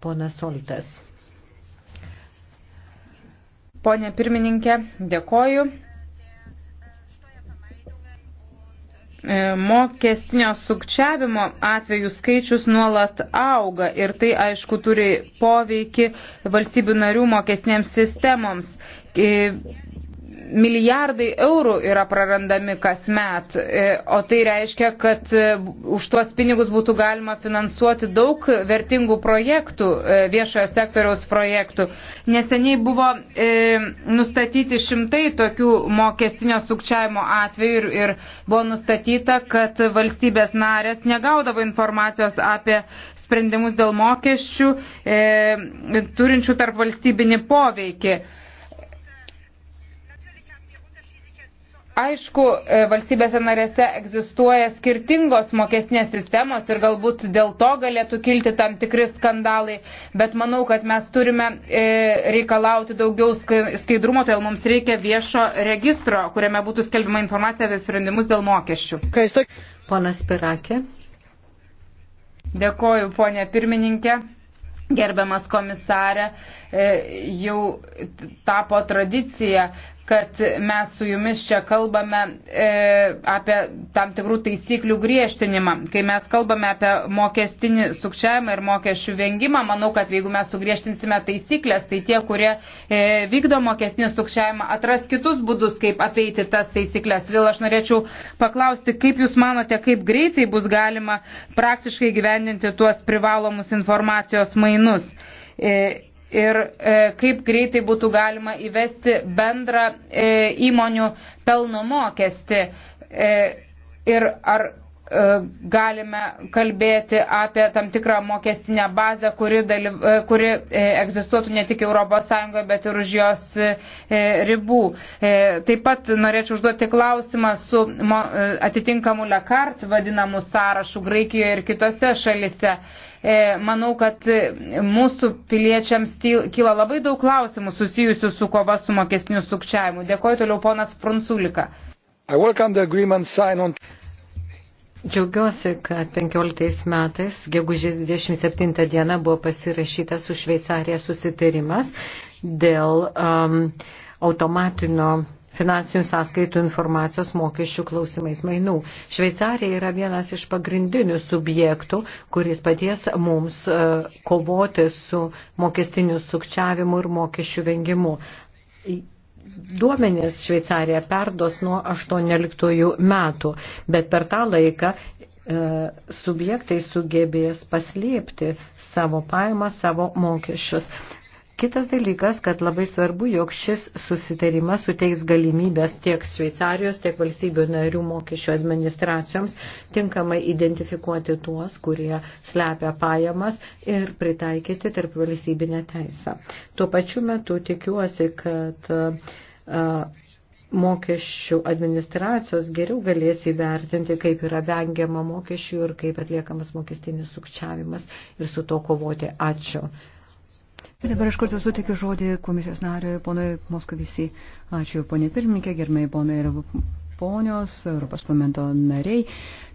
ponas Soltas. Pone pirmininkė, dėkoju. E, mokestinio sukčiavimo atvejų skaičius nuolat auga ir tai aišku turi poveikį valstybių narių mokestinėms sistemoms e, milijardai eurų yra prarandami kasmet, e, o tai reiškia, kad e, už tuos pinigus būtų galima finansuoti daug vertingų projektų, e, viešojo sektoriaus projektų. Neseniai buvo nustatyti šimtai tokių mokestinio sukčiavimo atvejų ir, ir buvo nustatyta, kad valstybės narės negaudavo informacijos apie sprendimus dėl mokesčių e, turinčių tarp valstybinį poveikį. E, Aišku, e, valstybėse narėse egzistuoja skirtingos mokesnės sistemos ir galbūt dėl to galėtų kilti tam tikri skandalai, bet manau, kad mes turime e, reikalauti daugiau skaidrumo, todėl mums reikia viešo registro, kuriame būtų skelbima informacija apie sprendimus dėl mokesčių. Ponas Pirakė. Dėkoju, ponė pirmininkė. Gerbiamas komisarė, e, jau tapo tradicija, kad mes su jumis čia kalbame e, apie tam tikrų taisyklių griežtinimą. Kai mes kalbame apie mokestinį sukčiavimą ir mokesčių vengimą, manau, kad jeigu mes sugriežtinsime taisyklės, tai tie, kurie e, vykdo mokestinį sukčiavimą, atras kitus būdus, kaip apeiti tas taisyklės. Todėl aš norėčiau paklausti, kaip jūs manote, kaip greitai bus galima praktiškai gyvendinti tuos privalomus informacijos mainus. E, ir e, kaip greitai būtų galima įvesti bendrą e, įmonių pelno mokestį e, ir ar galime kalbėti apie tam tikrą mokestinę bazę, kuri, dalyv, kuri egzistuotų ne tik ES, bet ir už jos ribų. Taip pat norėčiau užduoti klausimą su atitinkamu Lekart vadinamu sąrašu Graikijoje ir kitose šalise. E, manau, kad mūsų piliečiams kyla labai daug klausimų susijusių su kova su mokesniu sukčiavimu. Dėkoju toliau ponas Frunsulika. On... Džiaugiuosi, kad 15 metais, gegužės 27 dieną, buvo pasirašytas su Šveicarija susitarimas dėl um, automatinio finansinių sąskaitų informacijos mokesčių klausimais mainų. Šveicarija yra vienas iš pagrindinių subjektų, kuris padės mums e, kovoti su mokestiniu sukčiavimu ir mokesčių vengimu. Duomenės Šveicarija perdos nuo 18 metų, bet per tą laiką e, subjektai sugebės paslėpti savo paimą, savo mokesčius. Kitas dalykas, kad labai svarbu, jog šis susitarimas suteiks galimybės tiek Šveicarijos, tiek valstybių narių mokesčio administracijoms tinkamai identifikuoti tuos, kurie slepia pajamas ir pritaikyti tarp valstybinę teisę. Tuo pačiu metu tikiuosi, kad uh, mokesčių administracijos geriau galės įvertinti, kaip yra vengiama mokesčių ir kaip atliekamas mokestinis sukčiavimas ir su to kovoti. Ačiū. Ir dabar aš kartu sutikiu žodį komisijos nariui, ponui Moskovisi. Ačiū, ponė pirmininkė, gerbėjai ponai ir ponios, Europos parlamento nariai.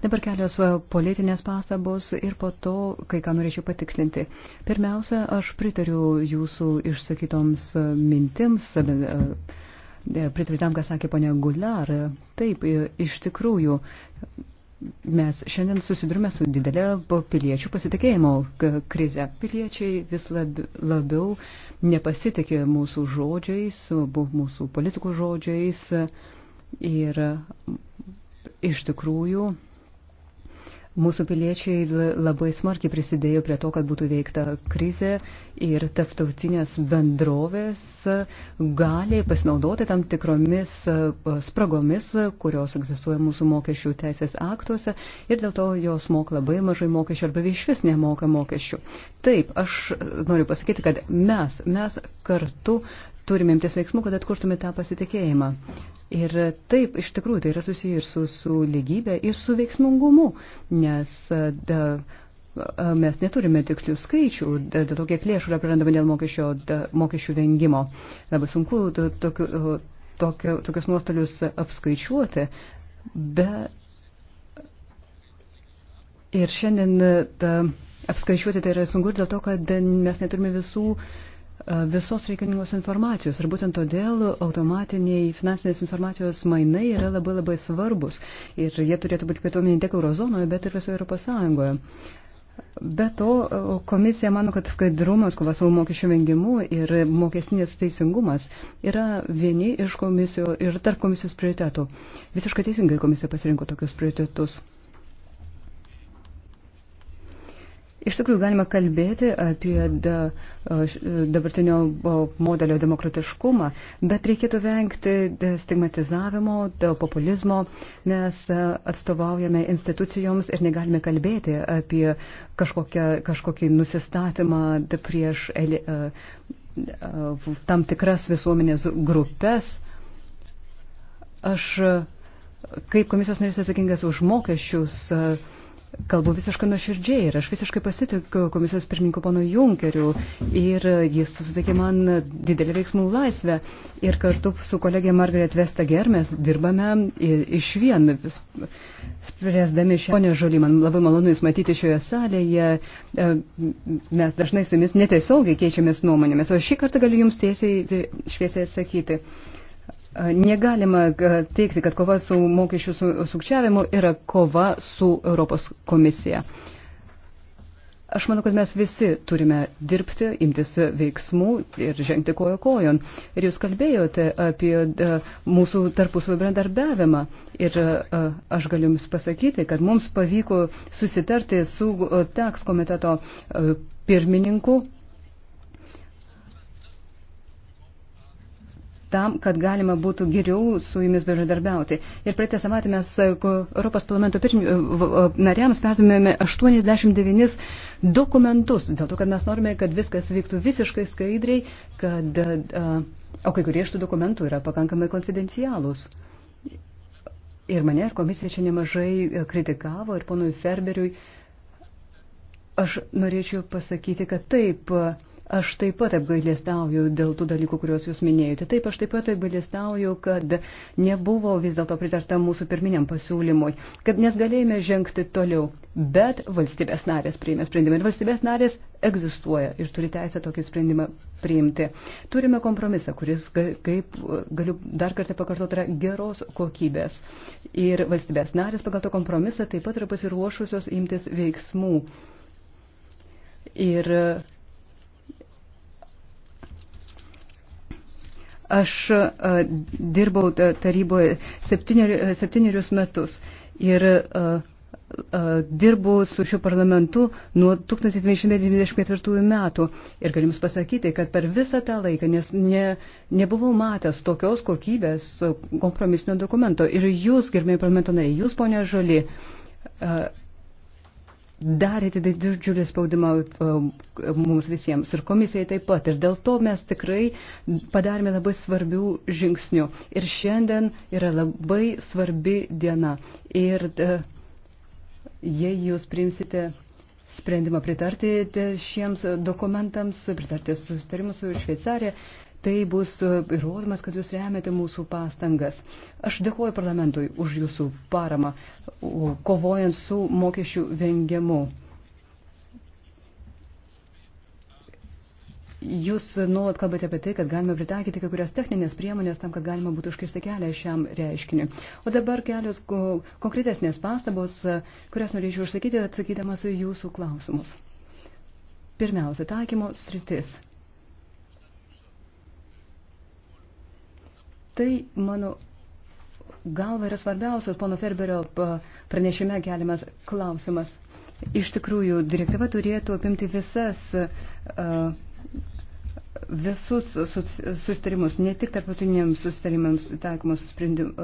Dabar kelios politinės pastabos ir po to, kai ką norėčiau patikslinti. Pirmiausia, aš pritariu jūsų išsakytoms mintims. E, pritariu tam, ką sakė ponia Gular. Taip, e, iš tikrųjų, Mes šiandien susidurime su didelė piliečių pasitikėjimo krize. Piliečiai vis labi, labiau nepasitikė mūsų žodžiais, mūsų politikų žodžiais ir iš tikrųjų Mūsų piliečiai labai smarkiai prisidėjo prie to, kad būtų veikta krizė ir tarptautinės bendrovės gali pasinaudoti tam tikromis spragomis, kurios egzistuoja mūsų mokesčių teisės aktuose ir dėl to jos mok labai mažai mokesčių arba iš vis nemoka mokesčių. Taip, aš noriu pasakyti, kad mes, mes kartu turime imtis veiksmų, kad atkurtume tą pasitikėjimą. Ir taip, iš tikrųjų, tai yra susiję ir su, su lygybė, ir su veiksmungumu, nes da, mes neturime tikslių skaičių, dėl to, kiek lėšų yra prarandama dėl mokesčio, da, mokesčių vengimo. Labai sunku da, tokiu, tokio, tokius nuostolius apskaičiuoti, bet ir šiandien da, apskaičiuoti tai yra sunku ir dėl to, kad mes neturime visų uh, E, visos reikalingos informacijos. Ir būtent todėl automatiniai finansinės informacijos mainai yra labai labai svarbus. Ir jie turėtų būti plėtojami ne tiek eurozonoje, bet ir visoje Europos Sąjungoje. Be to, e, komisija mano, kad skaidrumas, kova su mokesčių vengimu ir mokestinės teisingumas yra vieni iš komisijos ir tarp komisijos prioritetų. Visiškai teisingai komisija pasirinko tokius prioritetus. Iš tikrųjų, galima kalbėti apie da, dabartinio modelio demokratiškumą, bet reikėtų vengti stigmatizavimo, populizmo, nes atstovaujame institucijoms ir negalime kalbėti apie kažkokią, kažkokį nusistatymą prieš tam tikras visuomenės grupės. Aš, kaip komisijos narys atsakingas už mokesčius, uh, kalbu visiškai nuoširdžiai ir aš visiškai pasitikiu komisijos pirmininku pono Junkeriu ir jis suteikė man didelį veiksmų laisvę ir kartu su kolegė Margaret Vestager mes dirbame iš vien, spręsdami šią ponę Žolį, man labai malonu jūs matyti šioje salėje, e, mes dažnai su jumis netiesiogiai keičiamės nuomonėmis, o šį kartą galiu jums tiesiai šviesiai sakyti. Negalima e, teikti, kad kova su mokesčių sukčiavimu yra kova su Europos komisija. Aš manau, kad mes visi turime dirbti, imtis veiksmų ir žengti kojo kojon. Ir jūs kalbėjote apie e, mūsų tarpusavio bendarbiavimą. Ir e, aš galiu jums pasakyti, kad mums pavyko susitarti su teks komiteto pirmininku tam, kad galima būtų geriau su jumis bendradarbiauti. Ir praeitą savaitę mes e, Europos parlamento e, e, nariams perdumėme 89 dokumentus, dėl to, kad mes norime, kad viskas vyktų visiškai skaidriai, kad, o kai kurie iš tų dokumentų yra pakankamai konfidencialūs. Ir mane ir komisija čia nemažai kritikavo ir ponui Ferberiui. Aš norėčiau pasakyti, kad taip, uh, Aš taip pat apgailėstauju dėl tų dalykų, kuriuos jūs minėjote. Taip, aš taip pat apgailėstauju, kad nebuvo vis dėlto pritarta mūsų pirminiam pasiūlymui, kad nes galėjome žengti toliau. Bet valstybės narės priėmė sprendimą ir valstybės narės egzistuoja ir turi teisę tokį sprendimą priimti. Turime kompromisą, kuris, kaip galiu dar kartą pakartoti, yra geros kokybės. Ir valstybės narės pagal to kompromisą taip pat yra pasiruošusios imtis veiksmų. Ir Aš e, dirbau taryboje e, septynerius metus ir e, dirbu su šiuo parlamentu nuo 1994 metų ir galim pasakyti, kad per visą tą laiką nes ne, nebuvau matęs tokios kokybės kompromisinio dokumento. Ir jūs, gerbėjai parlamento nariai, jūs, ponia Žoli, darėte didžiulį spaudimą e, mums visiems ir komisijai taip pat. Ir dėl to mes tikrai padarėme labai svarbių žingsnių. Ir šiandien yra labai svarbi diena. Ir e, jei jūs priimsite sprendimą pritarti e, šiems dokumentams, pritarti susitarimus su Šveicarija, Tai bus e, įrodymas, kad jūs remiate mūsų pastangas. Aš dėkuoju parlamentui už jūsų paramą, kovojant su mokesčių vengiamu. Jūs nuolat kalbate apie tai, kad galima pritaikyti kai kurias techninės priemonės tam, kad galima būtų užkirsti kelią šiam reiškiniu. O dabar kelios konkretesnės pastabos, e, kurias norėčiau užsakyti atsakydamas į jūsų klausimus. Pirmiausia, taikymo sritis. Tai, mano galva, yra svarbiausias pono Ferberio pranešime keliamas klausimas. Iš tikrųjų, direktyva turėtų apimti visas, visus sustarimus, ne tik tarptautiniams sustarimams taikomus sprendimus,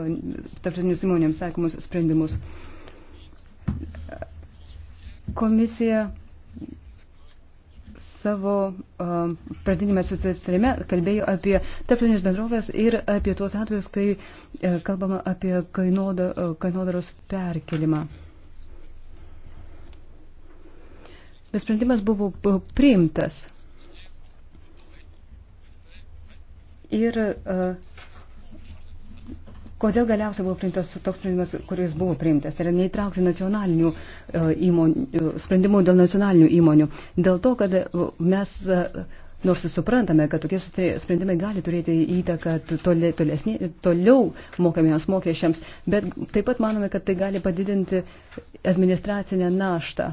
tarptautinės įmonėms taikomus sprendimus. Komisija savo uh, pradinėme susitarime kalbėjo apie tarptautinės bendrovės ir apie tuos atvejus, kai uh, kalbama apie kainoda, uh, kainodaros perkelimą. Bet sprendimas buvo priimtas. Ir uh, Kodėl galiausiai buvo priimtas toks sprendimas, kuris buvo priimtas? Tai yra neįtraukti nacionalinių e, įmonių, e, sprendimų dėl nacionalinių įmonių. Dėl to, kad e, mes Nors suprantame, kad tokie sprendimai gali turėti įtaką tole, tolesnė, toliau mokamiems mokesčiams, bet taip pat manome, kad tai gali padidinti administracinę naštą.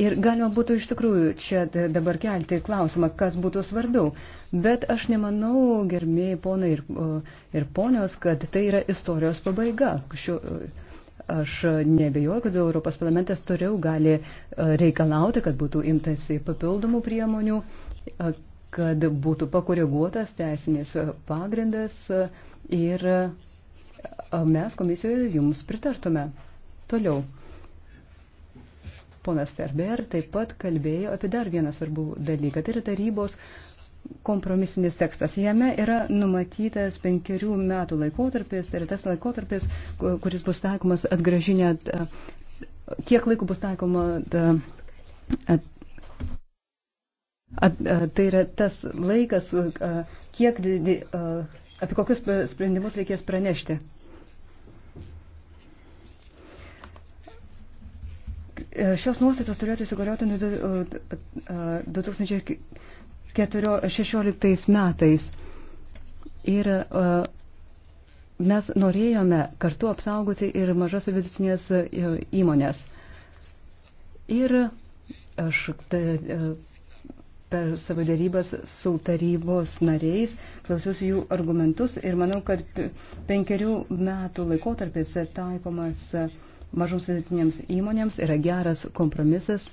Ir galima būtų iš tikrųjų čia dabar kelti klausimą, kas būtų svarbiau. Bet aš nemanau, gerbėjai ponai ir, ir ponios, kad tai yra istorijos pabaiga. Šiuo, aš nebejoju, kad Europos parlamentas toliau gali e, reikalauti, kad būtų imtasi papildomų priemonių, e, kad būtų pakoreguotas teisinės pagrindas e, ir mes komisijoje jums pritartume. Toliau. Ponas Ferber taip pat kalbėjo apie dar vieną svarbų dalyką. Tai yra tarybos kompromisinis tekstas. Jame yra numatytas penkerių metų laikotarpis ir tai tas laikotarpis, kuris bus taikomas atgražinę, kiek laiko bus taikoma, at, at, tai yra tas laikas, kiek, apie kokius sprendimus reikės pranešti. Šios nuostatos turėtų įsigalioti 2016 e, e, metais. Ir e, mes norėjome kartu apsaugoti ir mažas ir vidutinės įmonės. Ir aš per savo dėrybas su tarybos nariais, klausiausi jų argumentus ir manau, kad penkerių metų laikotarpis taikomas uh, mažoms vidutinėms įmonėms yra geras kompromisas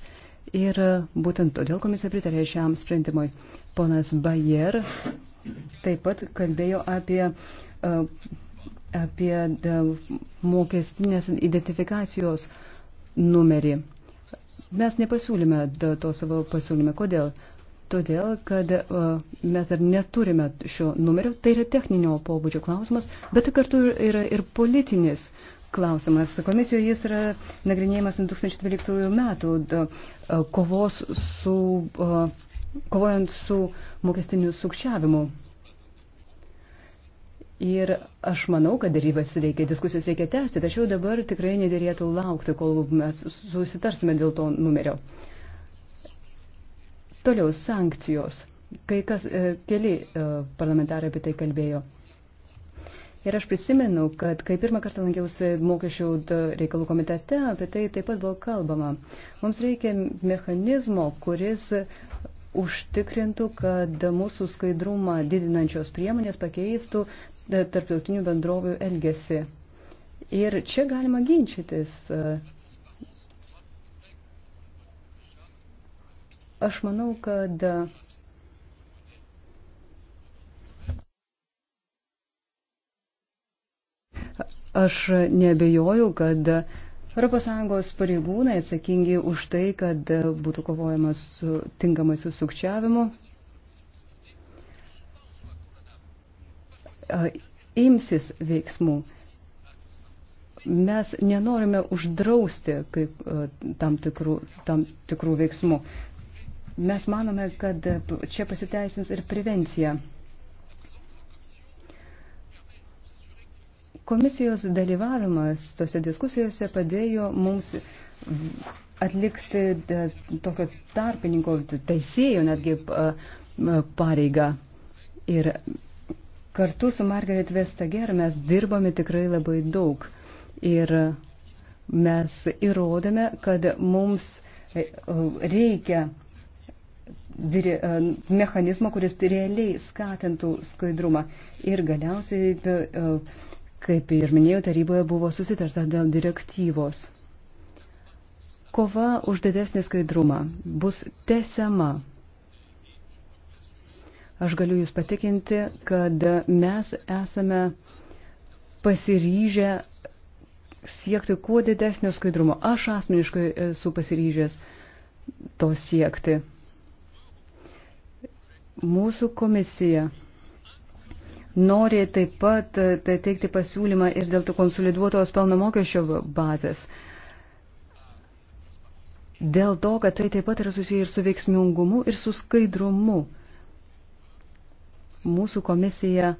ir e, būtent todėl komisija pritarė šiam sprendimui. Ponas Bayer taip pat kalbėjo apie, e, apie e, mokestinės identifikacijos numerį. Mes nepasiūlėme to savo pasiūlymę. Kodėl? Todėl, kad mes dar neturime šio numerio. Tai yra techninio pobūdžio klausimas, bet tai kartu yra ir politinis klausimas klausimas. Komisijoje jis yra nagrinėjimas 2012 metų kovos su, kovojant su mokestiniu sukčiavimu. Ir aš manau, kad darybas reikia, diskusijas reikia tęsti, tačiau dabar tikrai nedėrėtų laukti, kol mes susitarsime dėl to numerio. Toliau sankcijos. Kai kas, e, keli e, parlamentarai apie tai kalbėjo. Ir aš prisimenu, kad kai pirmą kartą lankiausi mokesčių reikalų komitete, apie tai taip pat buvo kalbama. Mums reikia mechanizmo, kuris užtikrintų, kad mūsų skaidrumą didinančios priemonės pakeistų e, tarptautinių bendrovių elgesį. Ir čia galima ginčytis. Aš manau, kad Aš nebejoju, kad ES pareigūnai atsakingi už tai, kad būtų kovojamas su, tinkamai su sukčiavimu, imsis veiksmų. Mes nenorime uždrausti kaip, tam, tikrų, tam tikrų veiksmų. Mes manome, kad čia pasiteisins ir prevencija. Komisijos dalyvavimas tose diskusijose padėjo mums atlikti e, tokio tarpininko teisėjo netgi e, pareigą. Ir kartu su Margaret Vestager mes dirbome tikrai labai daug. Ir mes įrodėme, kad mums e, reikia mechanizmo, kuris realiai skatintų skaidrumą. Ir galiausiai Kaip ir minėjau, taryboje buvo susitarta dėl direktyvos. Kova už didesnį skaidrumą bus tesiama. Aš galiu Jūs patikinti, kad mes esame pasiryžę siekti kuo didesnio skaidrumo. Aš asmeniškai esu pasiryžęs to siekti. Mūsų komisija nori taip pat e, tai teikti pasiūlymą ir dėl to konsoliduotos pelno mokesčio bazės. Dėl to, kad tai taip pat yra susiję ir su veiksmingumu, ir su skaidrumu. Mūsų komisija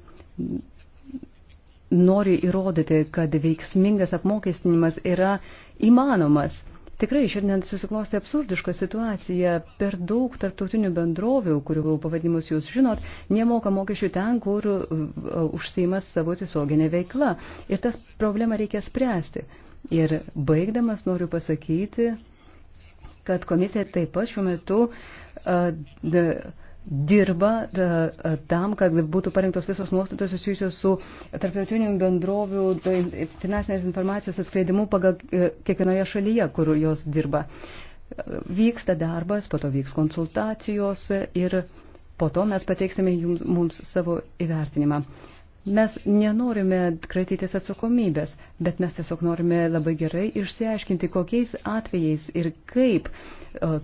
nori įrodyti, kad veiksmingas apmokestinimas yra įmanomas. Tikrai šiandien susiklostė absurdiška situacija. Per daug tarptautinių bendrovių, kurių pavadimus jūs žinot, nemoka mokesčių ten, kur uh, uh, užsiimas savo tiesioginė veikla. Ir tas problemą reikia spręsti. Ir baigdamas noriu pasakyti, kad komisija taip pat šiuo metu uh, dirba tam, kad būtų parengtos visos nuostatos susijusios su tarptautinių bendrovių finansinės informacijos atskleidimu pagal e, kiekvienoje šalyje, kur jos dirba. Vyksta darbas, po to vyks konsultacijos ir po to mes pateiksime jums, mums savo įvertinimą. Mes nenorime kratytis atsakomybės, bet mes tiesiog norime labai gerai išsiaiškinti, kokiais atvejais ir kaip uh,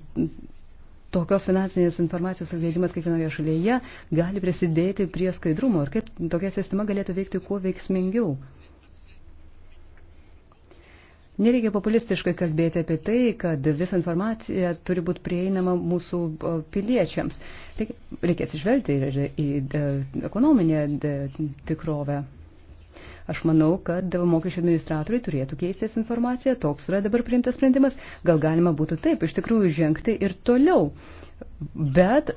tokios finansinės informacijos atskleidimas kiekvienoje šalyje gali prisidėti prie skaidrumo ir kaip tokia sistema galėtų veikti kuo veiksmingiau. Nereikia populistiškai kalbėti apie tai, kad visa informacija turi būti prieinama mūsų piliečiams. Reikia atsižvelgti ir į ekonominę tikrovę. Aš manau, kad mokesčių administratoriai turėtų keistis informaciją, toks yra dabar priimtas sprendimas, gal galima būtų taip iš tikrųjų žengti ir toliau. Bet,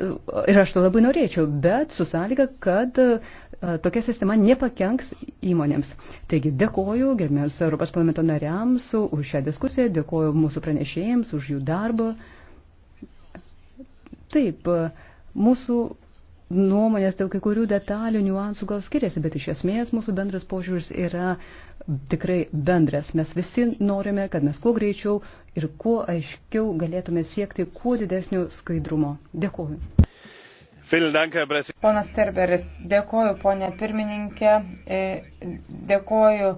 ir aš to labai norėčiau, bet su sąlyga, kad tokia sistema nepakenks įmonėms. Taigi dėkoju gerbėms Europos parlamento nariams už šią diskusiją, dėkoju mūsų pranešėjams už jų darbą. Taip, mūsų nuomonės dėl kai kurių detalių, niuansų gal skiriasi, bet iš esmės mūsų bendras požiūris yra tikrai bendras. Mes visi norime, kad mes kuo greičiau ir kuo aiškiau galėtume siekti kuo didesnio skaidrumo. Dėkuoju. Ponas Ferberis, dėkoju, ponė pirmininkė, e, dėkoju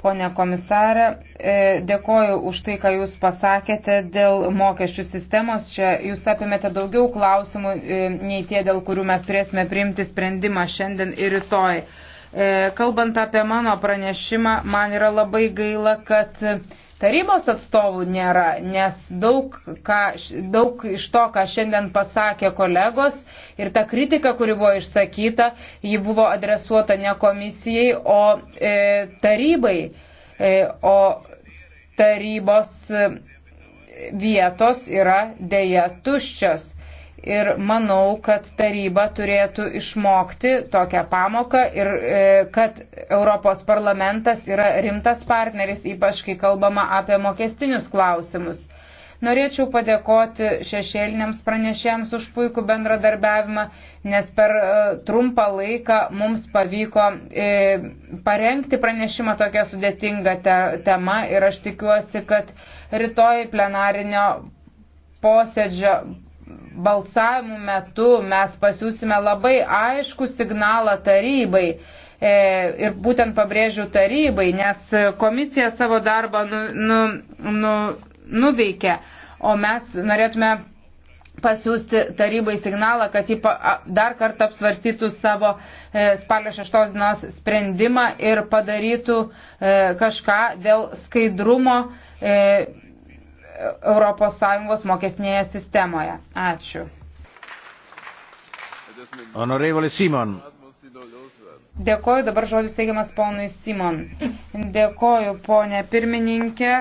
Pone komisarė, e, dėkoju už tai, ką Jūs pasakėte dėl mokesčių sistemos. Čia Jūs apimėte daugiau klausimų e, nei tie, dėl kurių mes turėsime priimti sprendimą šiandien ir rytoj. E, kalbant apie mano pranešimą, man yra labai gaila, kad tarybos atstovų nėra, nes daug, ką, daug iš to, ką šiandien pasakė kolegos ir ta kritika, kuri buvo išsakyta, ji buvo adresuota ne komisijai, o e, tarybai. E, o tarybos e, vietos yra dėja tuščios. Ir manau, kad taryba turėtų išmokti tokią pamoką ir e, kad Europos parlamentas yra rimtas partneris, ypač kai kalbama apie mokestinius klausimus. Norėčiau padėkoti šešėliniams pranešėjams už puikų bendradarbiavimą, nes per e, trumpą laiką mums pavyko e, parengti pranešimą tokią sudėtingą te temą ir aš tikiuosi, kad rytoj plenarinio posėdžio balsavimų metu mes pasiūsime labai aišku signalą tarybai e, ir būtent pabrėžiu tarybai, nes komisija savo darbą nu, nu, nu, nuveikia, o mes norėtume pasiūsti tarybai signalą, kad jį dar kartą apsvarstytų savo e, spalio 6 dienos sprendimą ir padarytų e, kažką dėl skaidrumo ES mokesnėje sistemoje. Ačiū. Honorevole Simon. Dėkoju, dabar žodis teigiamas ponui Simon. Dėkoju, ponė pirmininkė.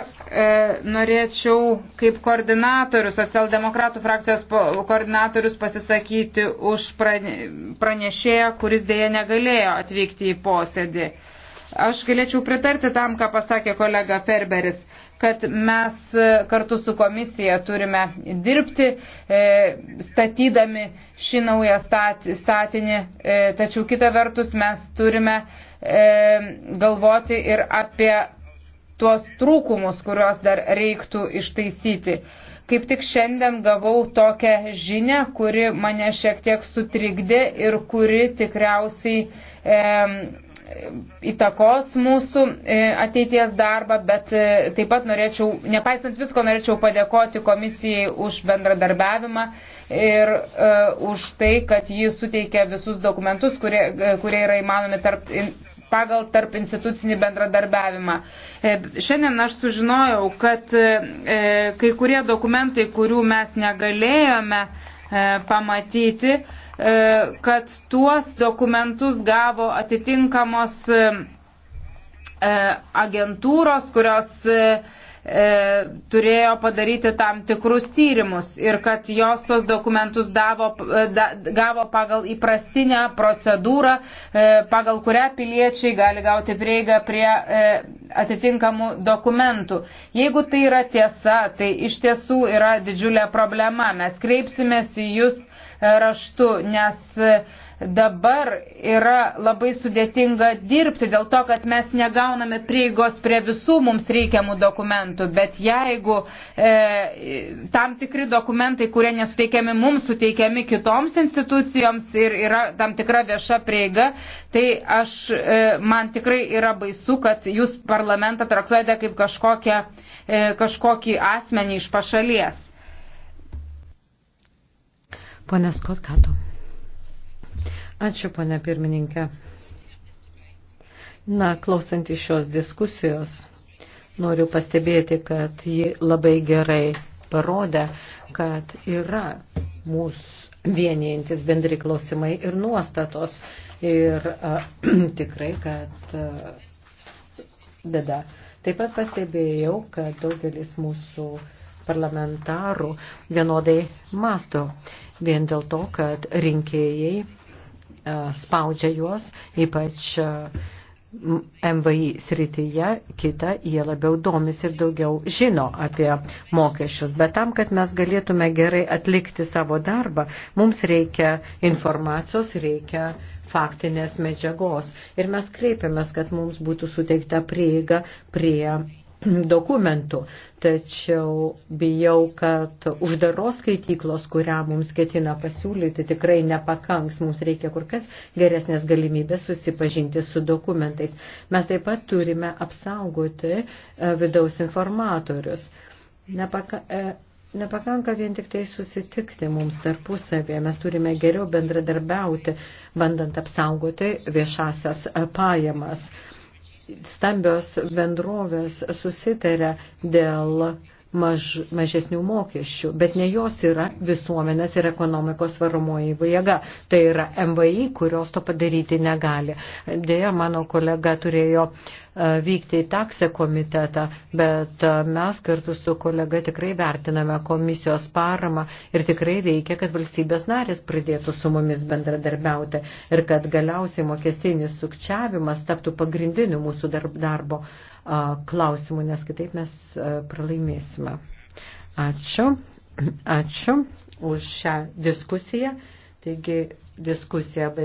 E, norėčiau kaip koordinatorius, socialdemokratų frakcijos koordinatorius pasisakyti už pranešėją, kuris dėja negalėjo atvykti į posėdį. Aš galėčiau pritarti tam, ką pasakė kolega Ferberis kad mes e, kartu su komisija turime dirbti, e, statydami šį naują statinį, e, tačiau kita vertus mes turime galvoti ir apie tuos trūkumus, kuriuos dar reiktų ištaisyti. Kaip tik šiandien gavau tokią žinę, kuri mane šiek tiek sutrikdė ir kuri tikriausiai e, įtakos mūsų e, ateities darbą, bet e, taip pat norėčiau, nepaisant visko, norėčiau padėkoti komisijai už bendradarbiavimą ir uh, už tai, kad ji suteikia visus dokumentus, kurie, kurie yra įmanomi tarp, pagal tarp institucinį bendradarbiavimą. Šiandien aš sužinojau, kad kai kurie dokumentai, kurių mes negalėjome pamatyti, E, kad tuos dokumentus gavo atitinkamos e, e, agentūros, kurios e, turėjo padaryti tam tikrus tyrimus ir kad jos tos dokumentus davo, da, gavo pagal įprastinę procedūrą, e, pagal kurią piliečiai gali gauti prieigą prie e, atitinkamų dokumentų. Jeigu tai yra tiesa, tai iš tiesų yra didžiulė problema. Mes kreipsimės į jūs raštu, nes dabar yra labai sudėtinga dirbti dėl to, kad mes negauname prieigos prie visų mums reikiamų dokumentų, bet jeigu e, tam tikri dokumentai, kurie nesuteikiami mums, suteikiami kitoms institucijoms ir yra tam tikra vieša prieiga, tai aš, e, man tikrai yra baisu, kad jūs parlamentą traktuojate kaip kažkokią, e, kažkokį asmenį iš pašalies. Pone Skotkato. Ačiū, pone pirmininkė. Na, klausant iš šios diskusijos, noriu pastebėti, kad ji labai gerai parodė, kad yra mūsų vienijantis bendri klausimai ir nuostatos. Ir a, tikrai, kad a, bėda. Taip pat pastebėjau, kad daugelis mūsų parlamentarų vienodai masto vien dėl to, kad rinkėjai e, spaudžia juos, ypač e, MVI srityje, kita jie labiau domis ir daugiau žino apie mokesčius. Bet tam, kad mes galėtume gerai atlikti savo darbą, mums reikia informacijos, reikia faktinės medžiagos. Ir mes kreipiamės, kad mums būtų suteikta prieiga prie dokumentų, tačiau bijau, kad uždaros skaityklos, kurią mums ketina pasiūlyti, tikrai nepakanks. Mums reikia kur kas geresnės galimybės susipažinti su dokumentais. Mes taip pat turime apsaugoti e, vidaus informatorius. Nepaka, e, Nepakanka vien tik tai susitikti mums tarpusavėje, mes turime geriau bendradarbiauti, bandant apsaugoti viešasias e, pajamas stambios bendrovės susitarė dėl maž, mažesnių mokesčių, bet ne jos yra visuomenės ir ekonomikos varomoji jėga. Tai yra MVI, kurios to padaryti negali. Dėja, mano kolega turėjo uh, E, vykti į taksę komitetą, bet e, mes kartu su kolega tikrai vertiname komisijos paramą ir tikrai reikia, kad valstybės narės pradėtų su mumis bendradarbiauti ir kad galiausiai mokestinis sukčiavimas taptų pagrindiniu mūsų darbo e, klausimu, nes kitaip mes pralaimėsime. Ačiū. Ačiū už šią diskusiją. Taigi diskusija baigta.